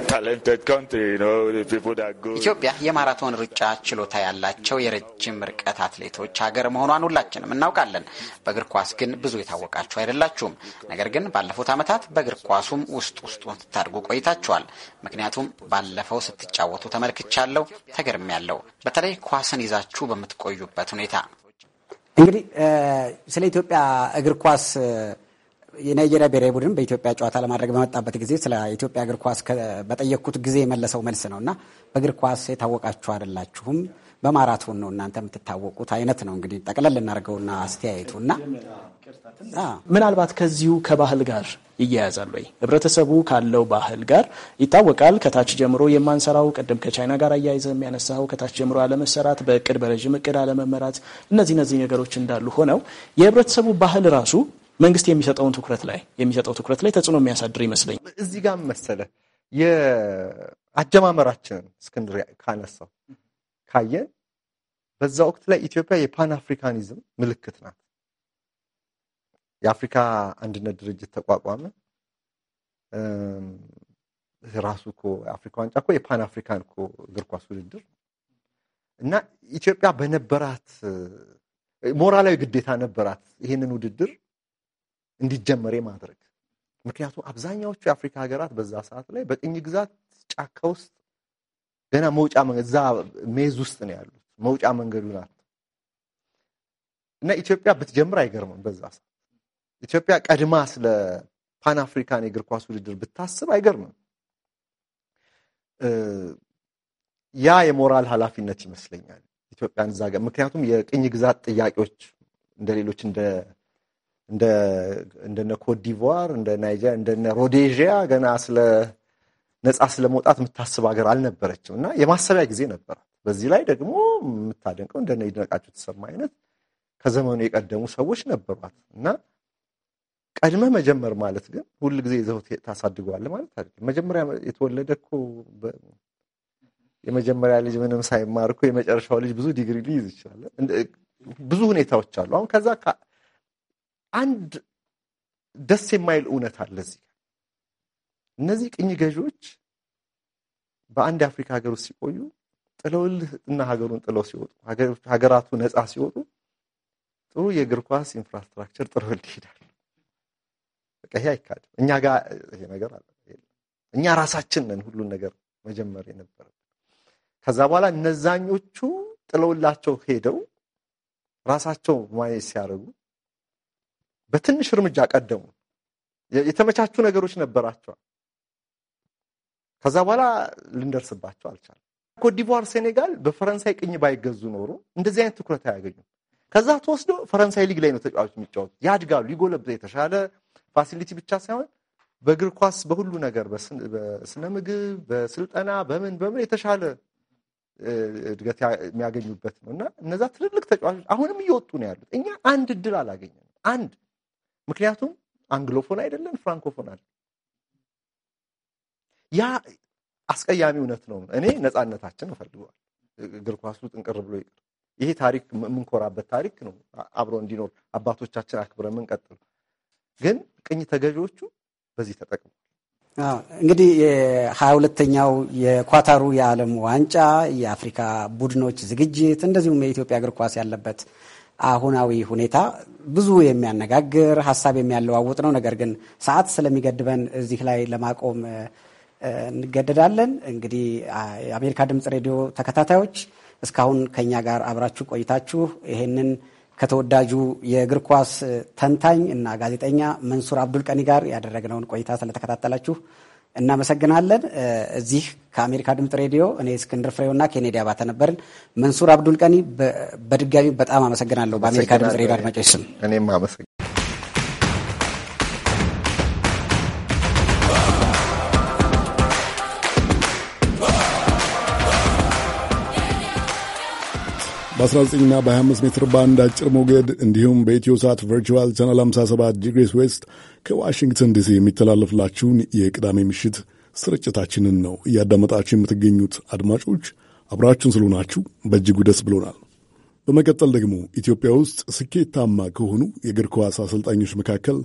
talented country, you know, the people that go. ኢትዮጵያ የማራቶን ሩጫ ችሎታ ያላቸው የረጅም ርቀት አትሌቶች ሀገር መሆኗን ሁላችንም እናውቃለን። በእግር ኳስ ግን ብዙ የታወቃችሁ አይደላችሁም። ነገር ግን ባለፉት ዓመታት በእግር ኳሱም ውስጥ ውስጡን ስታድጉ ቆይታችኋል። ምክንያቱም ባለፈው ስትጫወቱ ተመልክቻለሁ፣ ተገርሜያለሁ። በተለይ ኳስን ይዛችሁ በምትቆዩበት ሁኔታ እንግዲህ ስለ ኢትዮጵያ እግር ኳስ የናይጄሪያ ብሔራዊ ቡድን በኢትዮጵያ ጨዋታ ለማድረግ በመጣበት ጊዜ ስለ ኢትዮጵያ እግር ኳስ በጠየቅኩት ጊዜ የመለሰው መልስ ነው እና በእግር ኳስ የታወቃችሁ አይደላችሁም በማራቶን ነው እናንተ የምትታወቁት አይነት ነው። እንግዲህ ጠቅለል እናደርገውና አስተያየቱ እና ምናልባት ከዚሁ ከባህል ጋር ይያያዛል ወይ? ህብረተሰቡ ካለው ባህል ጋር ይታወቃል። ከታች ጀምሮ የማንሰራው ቅድም ከቻይና ጋር አያይዘ የሚያነሳው ከታች ጀምሮ አለመሰራት፣ በእቅድ በረዥም እቅድ አለመመራት፣ እነዚህ እነዚህ ነገሮች እንዳሉ ሆነው የህብረተሰቡ ባህል ራሱ መንግስት የሚሰጠውን ትኩረት ላይ የሚሰጠው ትኩረት ላይ ተጽዕኖ የሚያሳድር ይመስለኛል። እዚህ ጋር መሰለ የአጀማመራችንን እስክንድር ካነሳው ካየን በዛ ወቅት ላይ ኢትዮጵያ የፓን አፍሪካኒዝም ምልክት ናት። የአፍሪካ አንድነት ድርጅት ተቋቋመ። ራሱ እኮ የአፍሪካ ዋንጫ እኮ የፓን አፍሪካን እኮ እግር ኳስ ውድድር እና ኢትዮጵያ በነበራት ሞራላዊ ግዴታ ነበራት ይህንን ውድድር እንዲጀመር ማድረግ። ምክንያቱም አብዛኛዎቹ የአፍሪካ ሀገራት በዛ ሰዓት ላይ በቅኝ ግዛት ጫካ ውስጥ ገና መውጫ መንገድ እዛ ሜዝ ውስጥ ነው ያሉት። መውጫ መንገዱ ናት እና ኢትዮጵያ ብትጀምር አይገርምም። በዛ ሰዓት ኢትዮጵያ ቀድማ ስለ ፓን አፍሪካን የእግር ኳስ ውድድር ብታስብ አይገርምም። ያ የሞራል ኃላፊነት ይመስለኛል ኢትዮጵያን እዛ ጋር ምክንያቱም የቅኝ ግዛት ጥያቄዎች እንደ ሌሎች እንደነ ኮትዲቯር፣ እንደ ናይጀሪያ፣ እንደነ ሮዴዥያ ገና ስለ ነፃ ስለመውጣት የምታስብ ሀገር አልነበረችም እና የማሰቢያ ጊዜ ነበራት። በዚህ ላይ ደግሞ የምታደንቀው እንደነ ይድነቃቸው ተሰማ አይነት ከዘመኑ የቀደሙ ሰዎች ነበሯት እና ቀድመ መጀመር ማለት ግን ሁል ጊዜ ይዘው ታሳድገዋለህ ማለት አይደለም። መጀመሪያ የተወለደ እኮ የመጀመሪያ ልጅ ምንም ሳይማር እኮ የመጨረሻው ልጅ ብዙ ዲግሪ ሊይዝ ይችላል። ብዙ ሁኔታዎች አሉ። አሁን ከዛ አንድ ደስ የማይል እውነት አለ እዚህ እነዚህ ቅኝ ገዢዎች በአንድ የአፍሪካ ሀገር ውስጥ ሲቆዩ ጥለውልህ እና ሀገሩን ጥለው ሲወጡ ሀገራቱ ነፃ ሲወጡ ጥሩ የእግር ኳስ ኢንፍራስትራክቸር ጥለውልህ ይሄዳሉ። በቃ ይሄ አይካድም። እኛ ጋር ይሄ ነገር አለ። እኛ ራሳችን ነን ሁሉን ነገር መጀመር የነበረብን። ከዛ በኋላ እነዛኞቹ ጥለውላቸው ሄደው ራሳቸው ማየት ሲያደርጉ በትንሽ እርምጃ ቀደሙ። የተመቻቹ ነገሮች ነበራቸዋል። ከዛ በኋላ ልንደርስባቸው አልቻለም። ኮትዲቯር፣ ሴኔጋል በፈረንሳይ ቅኝ ባይገዙ ኖሮ እንደዚህ አይነት ትኩረት አያገኙም። ከዛ ተወስዶ ፈረንሳይ ሊግ ላይ ነው ተጫዋቾች የሚጫወቱ ያድጋሉ፣ ይጎለብዛ የተሻለ ፋሲሊቲ ብቻ ሳይሆን በእግር ኳስ በሁሉ ነገር በስነ ምግብ፣ በስልጠና፣ በምን በምን የተሻለ እድገት የሚያገኙበት ነው እና እነዛ ትልልቅ ተጫዋቾች አሁንም እየወጡ ነው ያሉት። እኛ አንድ እድል አላገኘንም። አንድ ምክንያቱም አንግሎፎን አይደለን፣ ፍራንኮፎን አይደለን። ያ አስቀያሚ እውነት ነው። እኔ ነፃነታችን እፈልገዋል። እግር ኳሱ ጥንቅር ብሎ ይቅር። ይሄ ታሪክ የምንኮራበት ታሪክ ነው። አብሮ እንዲኖር አባቶቻችን አክብረን የምንቀጥሉ ግን ቅኝ ተገዢዎቹ በዚህ ተጠቅመዋል። እንግዲህ የሀያ ሁለተኛው የኳታሩ የዓለም ዋንጫ የአፍሪካ ቡድኖች ዝግጅት እንደዚሁም የኢትዮጵያ እግር ኳስ ያለበት አሁናዊ ሁኔታ ብዙ የሚያነጋግር ሀሳብ የሚያለዋውጥ ነው። ነገር ግን ሰዓት ስለሚገድበን እዚህ ላይ ለማቆም እንገደዳለን። እንግዲህ የአሜሪካ ድምፅ ሬዲዮ ተከታታዮች እስካሁን ከእኛ ጋር አብራችሁ ቆይታችሁ ይሄንን ከተወዳጁ የእግር ኳስ ተንታኝ እና ጋዜጠኛ መንሱር አብዱል ቀኒ ጋር ያደረግነውን ቆይታ ስለተከታተላችሁ እናመሰግናለን። እዚህ ከአሜሪካ ድምፅ ሬዲዮ እኔ እስክንድር ፍሬውና ኬኔዲ አባተ ነበርን። መንሱር አብዱል ቀኒ በድጋሚ በጣም አመሰግናለሁ በአሜሪካ ድምፅ ሬዲዮ አድማጮች ስም እኔም በ19 እና በ25 ሜትር ባንድ አጭር ሞገድ እንዲሁም በኢትዮ ሳት ቨርቹዋል ቻናል 57 ዲግሪስ ዌስት ከዋሽንግተን ዲሲ የሚተላለፍላችሁን የቅዳሜ ምሽት ስርጭታችንን ነው እያዳመጣችሁ የምትገኙት። አድማጮች አብራችሁን ስለሆናችሁ በእጅጉ ደስ ብሎናል። በመቀጠል ደግሞ ኢትዮጵያ ውስጥ ስኬታማ ከሆኑ የእግር ኳስ አሰልጣኞች መካከል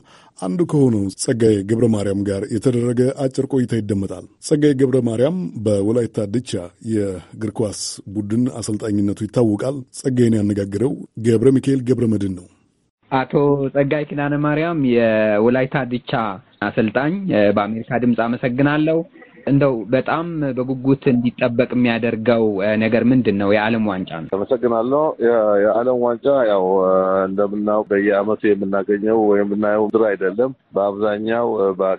አንዱ ከሆነው ጸጋዬ ገብረ ማርያም ጋር የተደረገ አጭር ቆይታ ይደመጣል። ጸጋዬ ገብረ ማርያም በወላይታ ድቻ የእግር ኳስ ቡድን አሰልጣኝነቱ ይታወቃል። ጸጋዬን ያነጋግረው ገብረ ሚካኤል ገብረ መድን ነው። አቶ ጸጋይ ኪዳነ ማርያም የወላይታ ድቻ አሰልጣኝ፣ በአሜሪካ ድምፅ አመሰግናለሁ። እንደው በጣም በጉጉት እንዲጠበቅ የሚያደርገው ነገር ምንድን ነው? የዓለም ዋንጫ ነው። አመሰግናለሁ። የዓለም ዋንጫ ያው እንደምናየው በየአመቱ የምናገኘው የምናየው ድር አይደለም። በአብዛኛው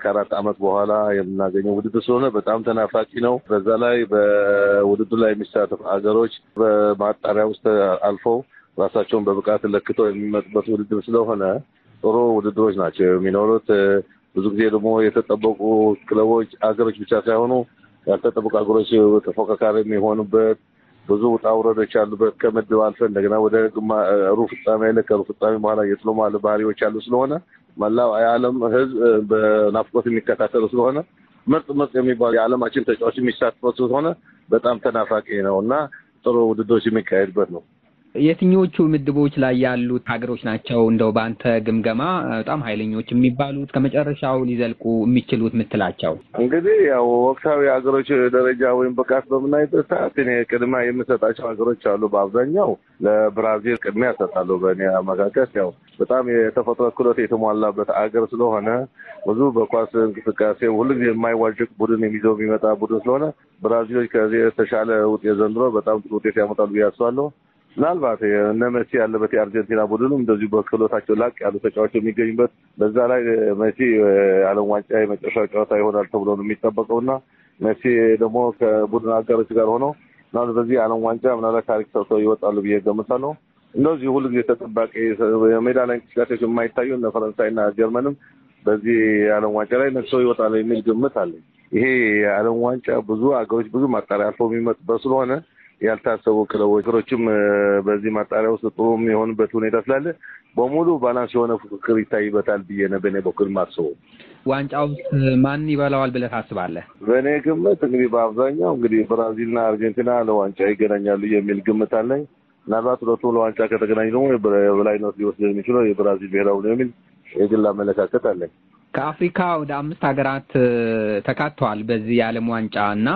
ከአራት አመት በኋላ የምናገኘው ውድድር ስለሆነ በጣም ተናፋቂ ነው። በዛ ላይ በውድድር ላይ የሚሳተፉ ሀገሮች በማጣሪያ ውስጥ አልፈው ራሳቸውን በብቃት ለክተው የሚመጡበት ውድድር ስለሆነ ጥሩ ውድድሮች ናቸው የሚኖሩት። ብዙ ጊዜ ደግሞ የተጠበቁ ክለቦች አገሮች ብቻ ሳይሆኑ ያልተጠበቁ አገሮች ተፎካካሪ የሚሆኑበት ብዙ ውጣ ውረዶች ያሉበት ከምድብ አልፈ እንደገና ወደ ሩብ ፍጻሜ ያለ ከሩብ ፍጻሜ በኋላ የጥሎ ማለፍ ባህሪዎች ያሉ ስለሆነ መላው የዓለም ሕዝብ በናፍቆት የሚከታተሉ ስለሆነ ምርጥ ምርጥ የሚባሉ የዓለማችን ተጫዋች የሚሳትፈው ስለሆነ በጣም ተናፋቂ ነው እና ጥሩ ውድድሮች የሚካሄድበት ነው። የትኞቹ ምድቦች ላይ ያሉት ሀገሮች ናቸው እንደው በአንተ ግምገማ በጣም ኃይለኞች የሚባሉት ከመጨረሻው ሊዘልቁ የሚችሉት ምትላቸው? እንግዲህ ያው ወቅታዊ ሀገሮች ደረጃ ወይም ብቃት በምናይበት ሰዓት እኔ ቅድሚያ የምሰጣቸው ሀገሮች አሉ። በአብዛኛው ለብራዚል ቅድሚያ ይሰጣሉ በእኔ አመካከት ያው በጣም የተፈጥሮ ክሎት የተሟላበት አገር ስለሆነ ብዙ በኳስ እንቅስቃሴ ሁልጊዜ የማይዋጅቅ ቡድን የሚዘው የሚመጣ ቡድን ስለሆነ ብራዚሎች ከዚህ የተሻለ ውጤት ዘንድሮ በጣም ጥሩ ውጤት ያመጣሉ ብዬ አስባለሁ። ምናልባት እነ መሲ ያለበት የአርጀንቲና ቡድንም እንደዚሁ በክህሎታቸው ላቅ ያሉ ተጫዋቾች የሚገኙበት በዛ ላይ መሲ ዓለም ዋንጫ የመጨረሻ ጨዋታ ይሆናል ተብሎ ነው የሚጠበቀው እና መሲ ደግሞ ከቡድን አጋሮች ጋር ሆኖ ምናልባት በዚህ ዓለም ዋንጫ ምናልባት ታሪክ ሰርተው ይወጣሉ ብዬ ገምታለሁ። እንደዚህ ሁሉ ጊዜ ተጠባቂ የሜዳ ላይ እንቅስቃሴዎች የማይታዩ እነ ፈረንሳይና ጀርመንም በዚህ የዓለም ዋንጫ ላይ ነግሰው ይወጣሉ የሚል ግምት አለኝ። ይሄ የዓለም ዋንጫ ብዙ አገሮች ብዙ ማጣሪያ አልፎ የሚመጡበት ስለሆነ ያልታሰቡ ክለቦች ክሮችም በዚህ ማጣሪያ ውስጥ ጥሩ የሚሆንበት ሁኔታ ስላለ በሙሉ ባላንስ የሆነ ፉክክር ይታይበታል ብዬ ነው በእኔ በኩል ማስበው። ዋንጫውስ ማን ይበላዋል ብለህ ታስባለህ? በእኔ ግምት እንግዲህ በአብዛኛው እንግዲህ ብራዚልና አርጀንቲና ለዋንጫ ይገናኛሉ የሚል ግምት አለኝ። ምናልባት ሁለቱ ለዋንጫ ከተገናኙ ደግሞ የበላይነት ሊወስድ የሚችለው የብራዚል ብሔራዊ ነው የሚል የግል አመለካከት አለኝ። ከአፍሪካ ወደ አምስት ሀገራት ተካተዋል በዚህ የዓለም ዋንጫ እና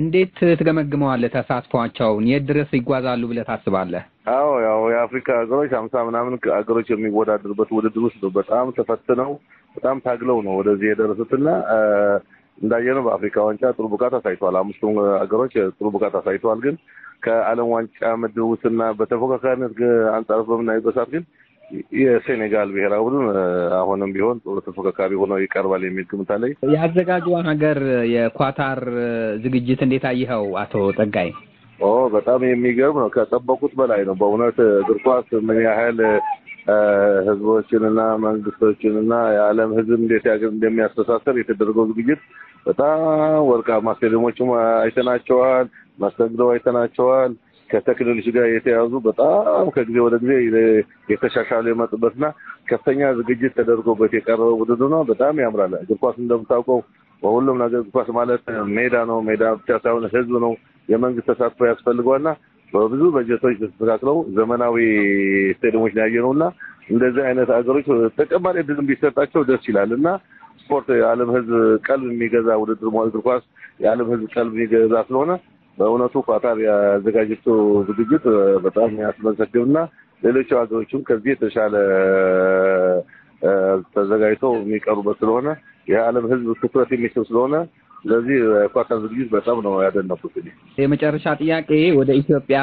እንዴት ትገመግመዋለህ? ተሳትፏቸውን የት ድረስ ይጓዛሉ ብለህ ታስባለህ? አዎ ያው የአፍሪካ ሀገሮች ሀምሳ ምናምን ሀገሮች የሚወዳደሩበት ውድድር ውስጥ ነው። በጣም ተፈትነው በጣም ታግለው ነው ወደዚህ የደረሱትና እንዳየነው በአፍሪካ ዋንጫ ጥሩ ብቃት አሳይተዋል። አምስቱም ሀገሮች ጥሩ ብቃት አሳይተዋል። ግን ከዓለም ዋንጫ ምድብ ውስጥና በተፎካካሪነት አንጻር በምናይበት ሰዓት ግን የሴኔጋል ብሔራዊ ቡድን አሁንም ቢሆን ጥሩ ተፎካካሪ ሆኖ ይቀርባል የሚል ግምት አለኝ። የአዘጋጇ ሀገር የኳታር ዝግጅት እንዴት አየኸው አቶ ጸጋይ? ኦ በጣም የሚገርም ነው። ከጠበቁት በላይ ነው። በእውነት እግር ኳስ ምን ያህል ህዝቦችንና መንግስቶችንና የዓለም ህዝብ እንዴት እንደሚያስተሳሰር የተደረገው ዝግጅት በጣም ወርቃማ ስቴዲየሞችም አይተናቸዋል፣ መስተንግዶ አይተናቸዋል። ከቴክኖሎጂ ጋር የተያዙ በጣም ከጊዜ ወደ ጊዜ የተሻሻሉ የመጡበትና ከፍተኛ ዝግጅት ተደርጎበት የቀረበ ቡድን ነው። በጣም ያምራል። እግር ኳስ እንደምታውቀው በሁሉም ነገር እግር ኳስ ማለት ሜዳ ነው። ሜዳ ብቻ ሳይሆን ህዝብ ነው። የመንግስት ተሳትፎ ያስፈልገዋልና በብዙ በጀቶች ተስተካክለው ዘመናዊ ስቴዲየሞች ነው ያየነው እና እንደዚህ አይነት ሀገሮች ተጨማሪ ድልም ቢሰጣቸው ደስ ይላል እና ስፖርት የዓለም ህዝብ ቀልብ የሚገዛ ውድድር እግር ኳስ የዓለም ህዝብ ቀልብ የሚገዛ ስለሆነ በእውነቱ ኳታር ያዘጋጀችው ዝግጅት በጣም የሚያስመሰግን እና ሌሎች ሀገሮችም ከዚህ የተሻለ ተዘጋጅተው የሚቀሩበት ስለሆነ የዓለም ሕዝብ ትኩረት የሚስብ ስለሆነ ስለዚህ ኳታር ዝግጅት በጣም ነው ያደነኩት። የመጨረሻ ጥያቄ ወደ ኢትዮጵያ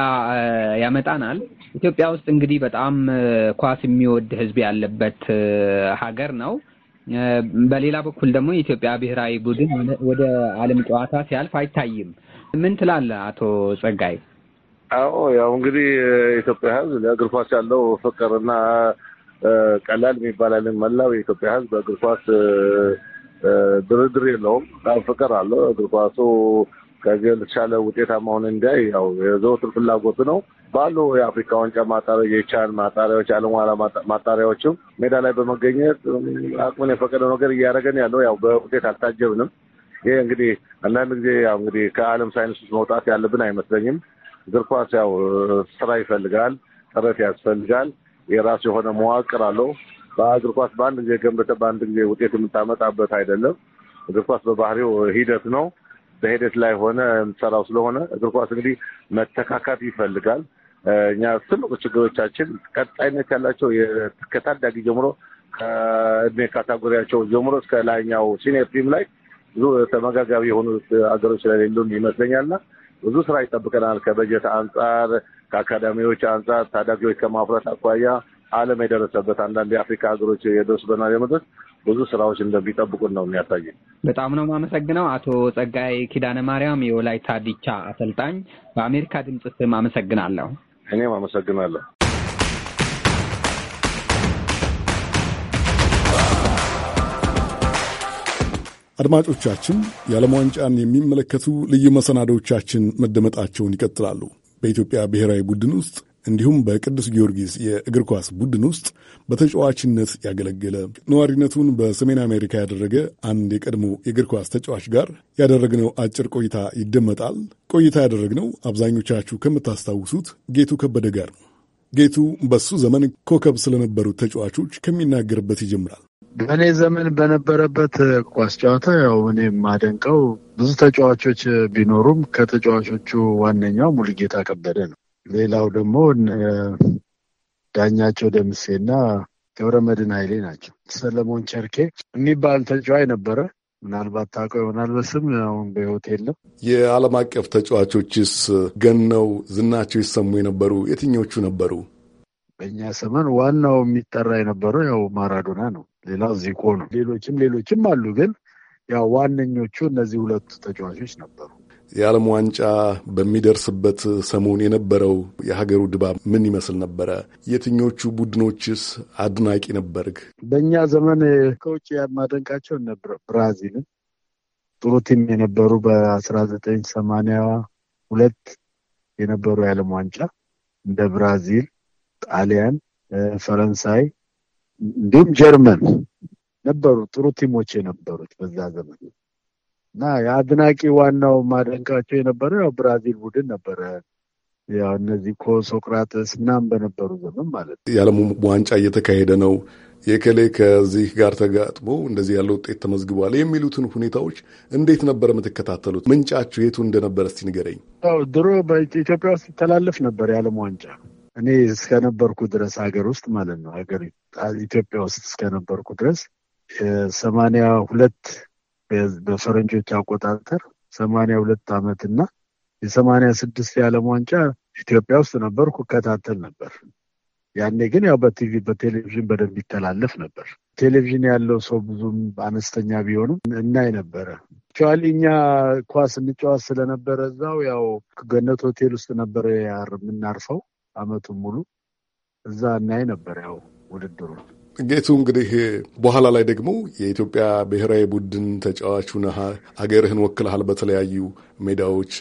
ያመጣናል። ኢትዮጵያ ውስጥ እንግዲህ በጣም ኳስ የሚወድ ሕዝብ ያለበት ሀገር ነው። በሌላ በኩል ደግሞ የኢትዮጵያ ብሔራዊ ቡድን ወደ ዓለም ጨዋታ ሲያልፍ አይታይም። ምን ትላለ አቶ ጸጋይ? አዎ ያው እንግዲህ ኢትዮጵያ ሕዝብ ለእግር ኳስ ያለው ፍቅርና ቀላል የሚባል መላው የኢትዮጵያ ሕዝብ በእግር ኳስ ድርድር የለውም፣ ፍቅር አለው። እግር ኳሱ ከዚህ የተሻለ ውጤታማ ሆነ እንዲያ ያው የዘወትር ፍላጎት ነው። ባሉ የአፍሪካ ዋንጫ ማጣሪያ፣ የቻን ማጣሪያዎች፣ የዓለም ዋላ ማጣሪያዎችም ሜዳ ላይ በመገኘት አቅሙን የፈቀደው ነገር እያደረገን ያለው ያው በውጤት አልታጀብንም። ይሄ እንግዲህ አንዳንድ ጊዜ ያው እንግዲህ ከዓለም ሳይንስ ውስጥ መውጣት ያለብን አይመስለኝም። እግር ኳስ ያው ስራ ይፈልጋል፣ ጥረት ያስፈልጋል። የራሱ የሆነ መዋቅር አለው። በእግር ኳስ በአንድ ጊዜ ገንብተ በአንድ ጊዜ ውጤት የምታመጣበት አይደለም። እግር ኳስ በባህሪው ሂደት ነው። በሂደት ላይ ሆነ የምትሰራው ስለሆነ እግር ኳስ እንግዲህ መተካካት ይፈልጋል። እኛ ትልቁ ችግሮቻችን ቀጣይነት ያላቸው ከታዳጊ ጀምሮ ከእድሜ ካታጎሪያቸው ጀምሮ እስከ ላይኛው ሲኒየር ቲም ላይ ብዙ ተመጋጋቢ የሆኑ ሀገሮች ስለሌሉን ይመስለኛልና ብዙ ስራ ይጠብቀናል። ከበጀት አንጻር፣ ከአካዳሚዎች አንጻር ታዳጊዎች ከማፍራት አኳያ ዓለም የደረሰበት አንዳንድ የአፍሪካ ሀገሮች የደርሱበናል የመድረስ ብዙ ስራዎች እንደሚጠብቁን ነው የሚያሳየ። በጣም ነው የማመሰግነው አቶ ጸጋይ ኪዳነ ማርያም የወላይታ ዲቻ አሰልጣኝ፣ በአሜሪካ ድምፅ ስም አመሰግናለሁ። እኔም አመሰግናለሁ። አድማጮቻችን የዓለም ዋንጫን የሚመለከቱ ልዩ መሰናዶቻችን መደመጣቸውን ይቀጥላሉ። በኢትዮጵያ ብሔራዊ ቡድን ውስጥ እንዲሁም በቅዱስ ጊዮርጊስ የእግር ኳስ ቡድን ውስጥ በተጫዋችነት ያገለገለ ነዋሪነቱን በሰሜን አሜሪካ ያደረገ አንድ የቀድሞ የእግር ኳስ ተጫዋች ጋር ያደረግነው አጭር ቆይታ ይደመጣል። ቆይታ ያደረግነው አብዛኞቻችሁ ከምታስታውሱት ጌቱ ከበደ ጋር ነው። ጌቱ በሱ ዘመን ኮከብ ስለነበሩት ተጫዋቾች ከሚናገርበት ይጀምራል። በእኔ ዘመን በነበረበት ኳስ ጨዋታ ያው እኔ የማደንቀው ብዙ ተጫዋቾች ቢኖሩም ከተጫዋቾቹ ዋነኛው ሙሉጌታ ከበደ ነው። ሌላው ደግሞ ዳኛቸው ደምሴና መድን ኃይሌ ናቸው። ሰለሞን ቸርኬ የሚባል ተጫዋች ነበረ። ምናልባት ታውቀው ይሆናል በስም አሁን በሕይወት የለም። የዓለም አቀፍ ተጫዋቾችስ ገነው ዝናቸው ይሰሙ የነበሩ የትኞቹ ነበሩ? በእኛ ዘመን ዋናው የሚጠራ የነበረው ያው ማራዶና ነው። ሌላ ዚቆ ነው። ሌሎችም ሌሎችም አሉ፣ ግን ያው ዋነኞቹ እነዚህ ሁለቱ ተጫዋቾች ነበሩ። የዓለም ዋንጫ በሚደርስበት ሰሞን የነበረው የሀገሩ ድባብ ምን ይመስል ነበረ? የትኞቹ ቡድኖችስ አድናቂ ነበርግ? በእኛ ዘመን ከውጭ የማደንቃቸው ነበረ ብራዚልን ጥሩ ቲም የነበሩ በአስራ ዘጠኝ ሰማንያ ሁለት የነበሩ የዓለም ዋንጫ እንደ ብራዚል፣ ጣሊያን፣ ፈረንሳይ እንዲሁም ጀርመን ነበሩ ጥሩ ቲሞች የነበሩት በዛ ዘመን እና የአድናቂ ዋናው ማደንቃቸው የነበረ ያው ብራዚል ቡድን ነበረ። ያው እነዚህ ኮ ሶክራተስ ምናምን በነበሩ ዘመን ማለት ነው። የዓለም ዋንጫ እየተካሄደ ነው የከሌ ከዚህ ጋር ተጋጥሞ እንደዚህ ያለ ውጤት ተመዝግቧል የሚሉትን ሁኔታዎች እንዴት ነበር የምትከታተሉት? ምንጫችሁ የቱ እንደነበረ እስቲ ንገረኝ። ድሮ በኢትዮጵያ ውስጥ ይተላለፍ ነበር የዓለም ዋንጫ እኔ እስከነበርኩ ድረስ ሀገር ውስጥ ማለት ነው ሀገሪቱ ኢትዮጵያ ውስጥ እስከነበርኩ ድረስ የሰማንያ ሁለት በፈረንጆች አቆጣጠር ሰማንያ ሁለት ዓመት እና የሰማንያ ስድስት የዓለም ዋንጫ ኢትዮጵያ ውስጥ ነበርኩ እከታተል ነበር። ያኔ ግን ያው በቲቪ በቴሌቪዥን በደንብ ይተላለፍ ነበር። ቴሌቪዥን ያለው ሰው ብዙም አነስተኛ ቢሆንም እናይ ነበረ። ቸዋል እኛ ኳስ እንጫወት ስለነበረ እዛው ያው ገነት ሆቴል ውስጥ ነበረ የምናርፈው አመቱን ሙሉ እዛ እናይ ነበር ያው ውድድሩ። ጌቱ እንግዲህ በኋላ ላይ ደግሞ የኢትዮጵያ ብሔራዊ ቡድን ተጫዋች ነህ፣ ሀገርህን ወክልሃል በተለያዩ ሜዳዎች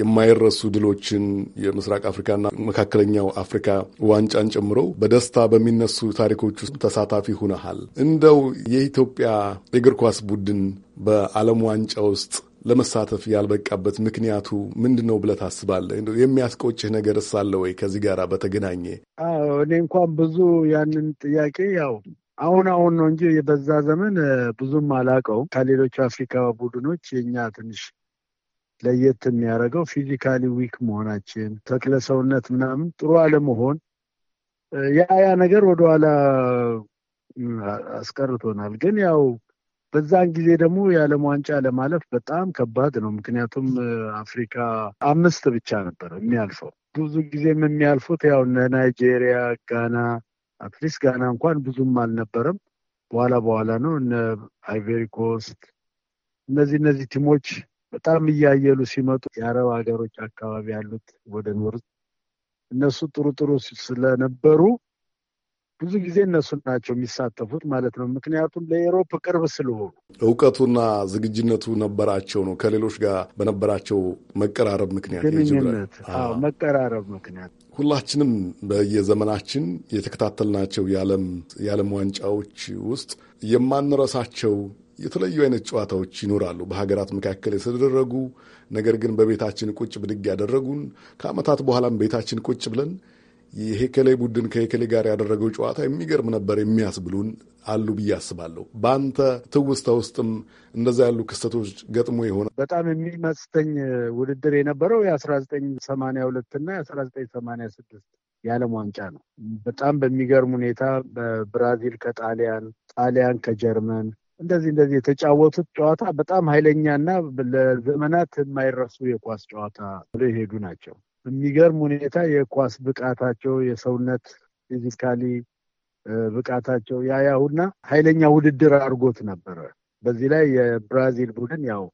የማይረሱ ድሎችን የምስራቅ አፍሪካና መካከለኛው አፍሪካ ዋንጫን ጨምሮ በደስታ በሚነሱ ታሪኮች ውስጥ ተሳታፊ ሁነሃል። እንደው የኢትዮጵያ እግር ኳስ ቡድን በዓለም ዋንጫ ውስጥ ለመሳተፍ ያልበቃበት ምክንያቱ ምንድን ነው ብለህ ታስባለህ? የሚያስቆጭህ ነገር ሳለ ወይ ከዚህ ጋር በተገናኘ? አዎ እኔ እንኳን ብዙ ያንን ጥያቄ ያው አሁን አሁን ነው እንጂ በዛ ዘመን ብዙም አላውቀውም። ከሌሎች አፍሪካ ቡድኖች የኛ ትንሽ ለየት የሚያደርገው ፊዚካሊ ዊክ መሆናችን፣ ተክለ ሰውነት ምናምን ጥሩ አለመሆን ያ ያ ነገር ወደኋላ አስቀርቶናል። ግን ያው በዛን ጊዜ ደግሞ የዓለም ዋንጫ ለማለፍ በጣም ከባድ ነው። ምክንያቱም አፍሪካ አምስት ብቻ ነበር የሚያልፈው። ብዙ ጊዜም የሚያልፉት ያው እነ ናይጄሪያ፣ ጋና አትሊስት ጋና እንኳን ብዙም አልነበረም። በኋላ በኋላ ነው እነ አይቨሪ ኮስት እነዚህ እነዚህ ቲሞች በጣም እያየሉ ሲመጡ የአረብ ሀገሮች አካባቢ ያሉት ወደ ኖርዝ እነሱ ጥሩ ጥሩ ስለነበሩ ብዙ ጊዜ እነሱ ናቸው የሚሳተፉት ማለት ነው። ምክንያቱም ለኤሮፕ ቅርብ ስለሆኑ እውቀቱና ዝግጅነቱ ነበራቸው ነው። ከሌሎች ጋር በነበራቸው መቀራረብ ምክንያት ግንኙነት መቀራረብ ምክንያት ሁላችንም በየዘመናችን የተከታተልናቸው የዓለም ዋንጫዎች ውስጥ የማንረሳቸው የተለያዩ አይነት ጨዋታዎች ይኖራሉ። በሀገራት መካከል የተደረጉ ነገር ግን በቤታችን ቁጭ ብድግ ያደረጉን ከዓመታት በኋላም ቤታችን ቁጭ ብለን የሄከሌ ቡድን ከሄከሌ ጋር ያደረገው ጨዋታ የሚገርም ነበር የሚያስብሉን አሉ ብዬ አስባለሁ። በአንተ ትውስታ ውስጥም እንደዛ ያሉ ክስተቶች ገጥሞ የሆነ በጣም የሚመስተኝ ውድድር የነበረው የ1982 እና የ1986 የዓለም ዋንጫ ነው። በጣም በሚገርም ሁኔታ በብራዚል ከጣሊያን፣ ጣሊያን ከጀርመን እንደዚህ እንደዚህ የተጫወቱት ጨዋታ በጣም ኃይለኛ ና ለዘመናት የማይረሱ የኳስ ጨዋታ ብሎ የሄዱ ናቸው። በሚገርም ሁኔታ የኳስ ብቃታቸው የሰውነት ፊዚካሊ ብቃታቸው ያያሁና ኃይለኛ ውድድር አድርጎት ነበረ። በዚህ ላይ የብራዚል ቡድን ያው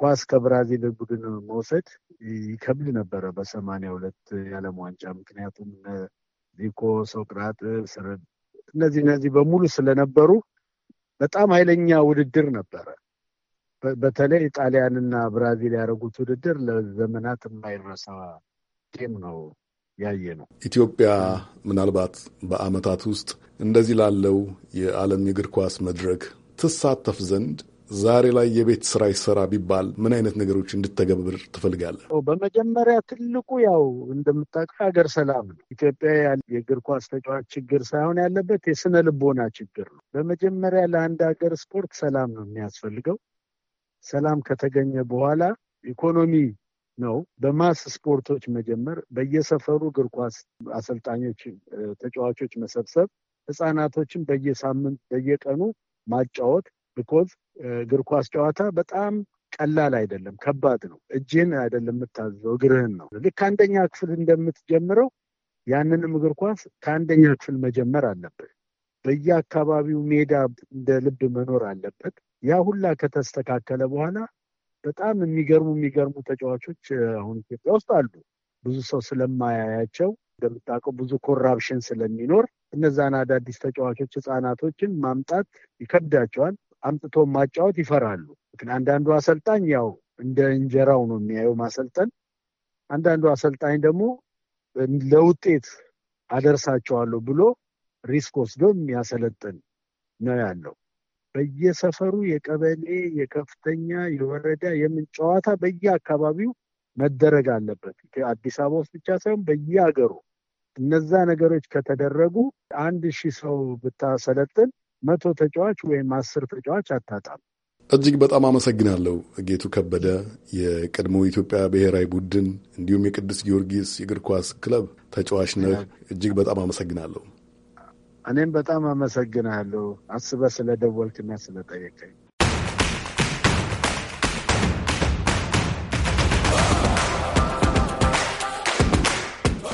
ኳስ ከብራዚል ቡድን መውሰድ ይከብድ ነበረ በሰማንያ ሁለት የዓለም ዋንጫ ምክንያቱም ዚኮ፣ ሶቅራጥስ እነዚህ እነዚህ በሙሉ ስለነበሩ በጣም ኃይለኛ ውድድር ነበረ። በተለይ ጣሊያንና ብራዚል ያደረጉት ውድድር ለዘመናት የማይረሳ ጌም ነው ያየ ነው። ኢትዮጵያ ምናልባት በአመታት ውስጥ እንደዚህ ላለው የዓለም የእግር ኳስ መድረክ ትሳተፍ ዘንድ ዛሬ ላይ የቤት ስራ ይሰራ ቢባል ምን አይነት ነገሮች እንድተገብር ትፈልጋለህ? በመጀመሪያ ትልቁ ያው እንደምታውቀው ሀገር ሰላም ነው። ኢትዮጵያ የእግር ኳስ ተጫዋች ችግር ሳይሆን ያለበት የስነ ልቦና ችግር ነው። በመጀመሪያ ለአንድ ሀገር ስፖርት ሰላም ነው የሚያስፈልገው። ሰላም ከተገኘ በኋላ ኢኮኖሚ ነው። በማስ ስፖርቶች መጀመር፣ በየሰፈሩ እግር ኳስ አሰልጣኞች፣ ተጫዋቾች መሰብሰብ፣ ህፃናቶችን በየሳምንት በየቀኑ ማጫወት። ቢኮዝ እግር ኳስ ጨዋታ በጣም ቀላል አይደለም፣ ከባድ ነው። እጅን አይደለም የምታዘው እግርህን ነው። ልክ አንደኛ ክፍል እንደምትጀምረው ያንንም እግር ኳስ ከአንደኛ ክፍል መጀመር አለበት። በየአካባቢው ሜዳ እንደ ልብ መኖር አለበት። ያ ሁላ ከተስተካከለ በኋላ በጣም የሚገርሙ የሚገርሙ ተጫዋቾች አሁን ኢትዮጵያ ውስጥ አሉ። ብዙ ሰው ስለማያያቸው እንደምታውቀው ብዙ ኮራፕሽን ስለሚኖር እነዛን አዳዲስ ተጫዋቾች ህፃናቶችን ማምጣት ይከብዳቸዋል። አምጥቶ ማጫወት ይፈራሉ። አንዳንዱ አሰልጣኝ ያው እንደ እንጀራው ነው የሚያየው ማሰልጠን። አንዳንዱ አሰልጣኝ ደግሞ ለውጤት አደርሳቸዋለሁ ብሎ ሪስክ ወስዶ የሚያሰለጥን ነው ያለው። በየሰፈሩ የቀበሌ የከፍተኛ የወረዳ የምን ጨዋታ በየአካባቢው መደረግ አለበት። አዲስ አበባ ውስጥ ብቻ ሳይሆን በየሀገሩ እነዛ ነገሮች ከተደረጉ አንድ ሺህ ሰው ብታሰለጥን መቶ ተጫዋች ወይም አስር ተጫዋች አታጣም። እጅግ በጣም አመሰግናለሁ። ጌቱ ከበደ የቀድሞ ኢትዮጵያ ብሔራዊ ቡድን እንዲሁም የቅዱስ ጊዮርጊስ የእግር ኳስ ክለብ ተጫዋች ነህ። እጅግ በጣም አመሰግናለሁ። እኔም በጣም አመሰግናለሁ አስበ ስለደወልክና ስለጠየቀኝ።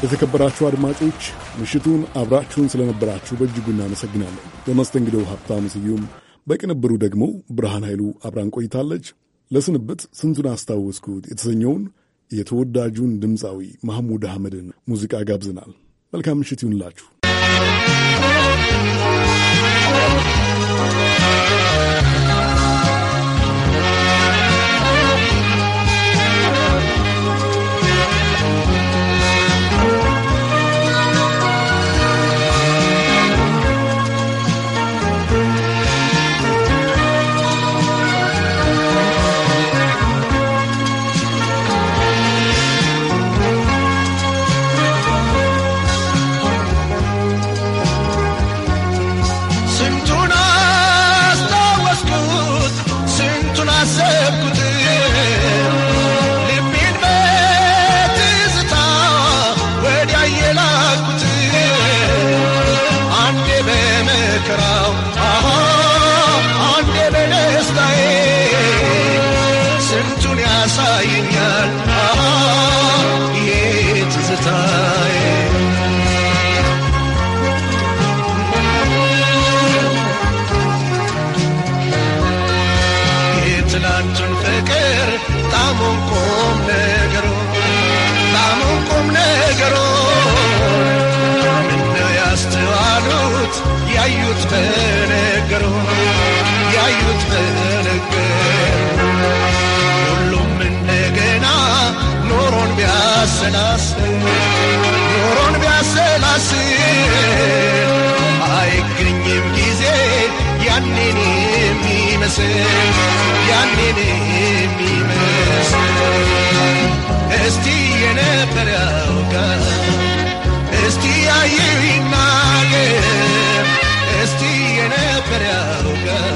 የተከበራችሁ አድማጮች ምሽቱን አብራችሁን ስለነበራችሁ በእጅጉ እናመሰግናለን። በመስተንግዶው ሀብታሙ ስዩም፣ በቅንብሩ ደግሞ ብርሃን ኃይሉ አብራን ቆይታለች። ለስንብት ስንቱን አስታወስኩት የተሰኘውን የተወዳጁን ድምፃዊ ማህሙድ አህመድን ሙዚቃ ጋብዝናል። መልካም ምሽት ይሁንላችሁ። Thank you. ቢያሰላስል ኑሮን ቢያሰላስል አይገኝም ጊዜ ያኔን የሚመስል ያኔን የሚመስል እስቲ የነበረ አውጋ እስቲ ያየው ይናገር እስቲ የነበረ አውጋ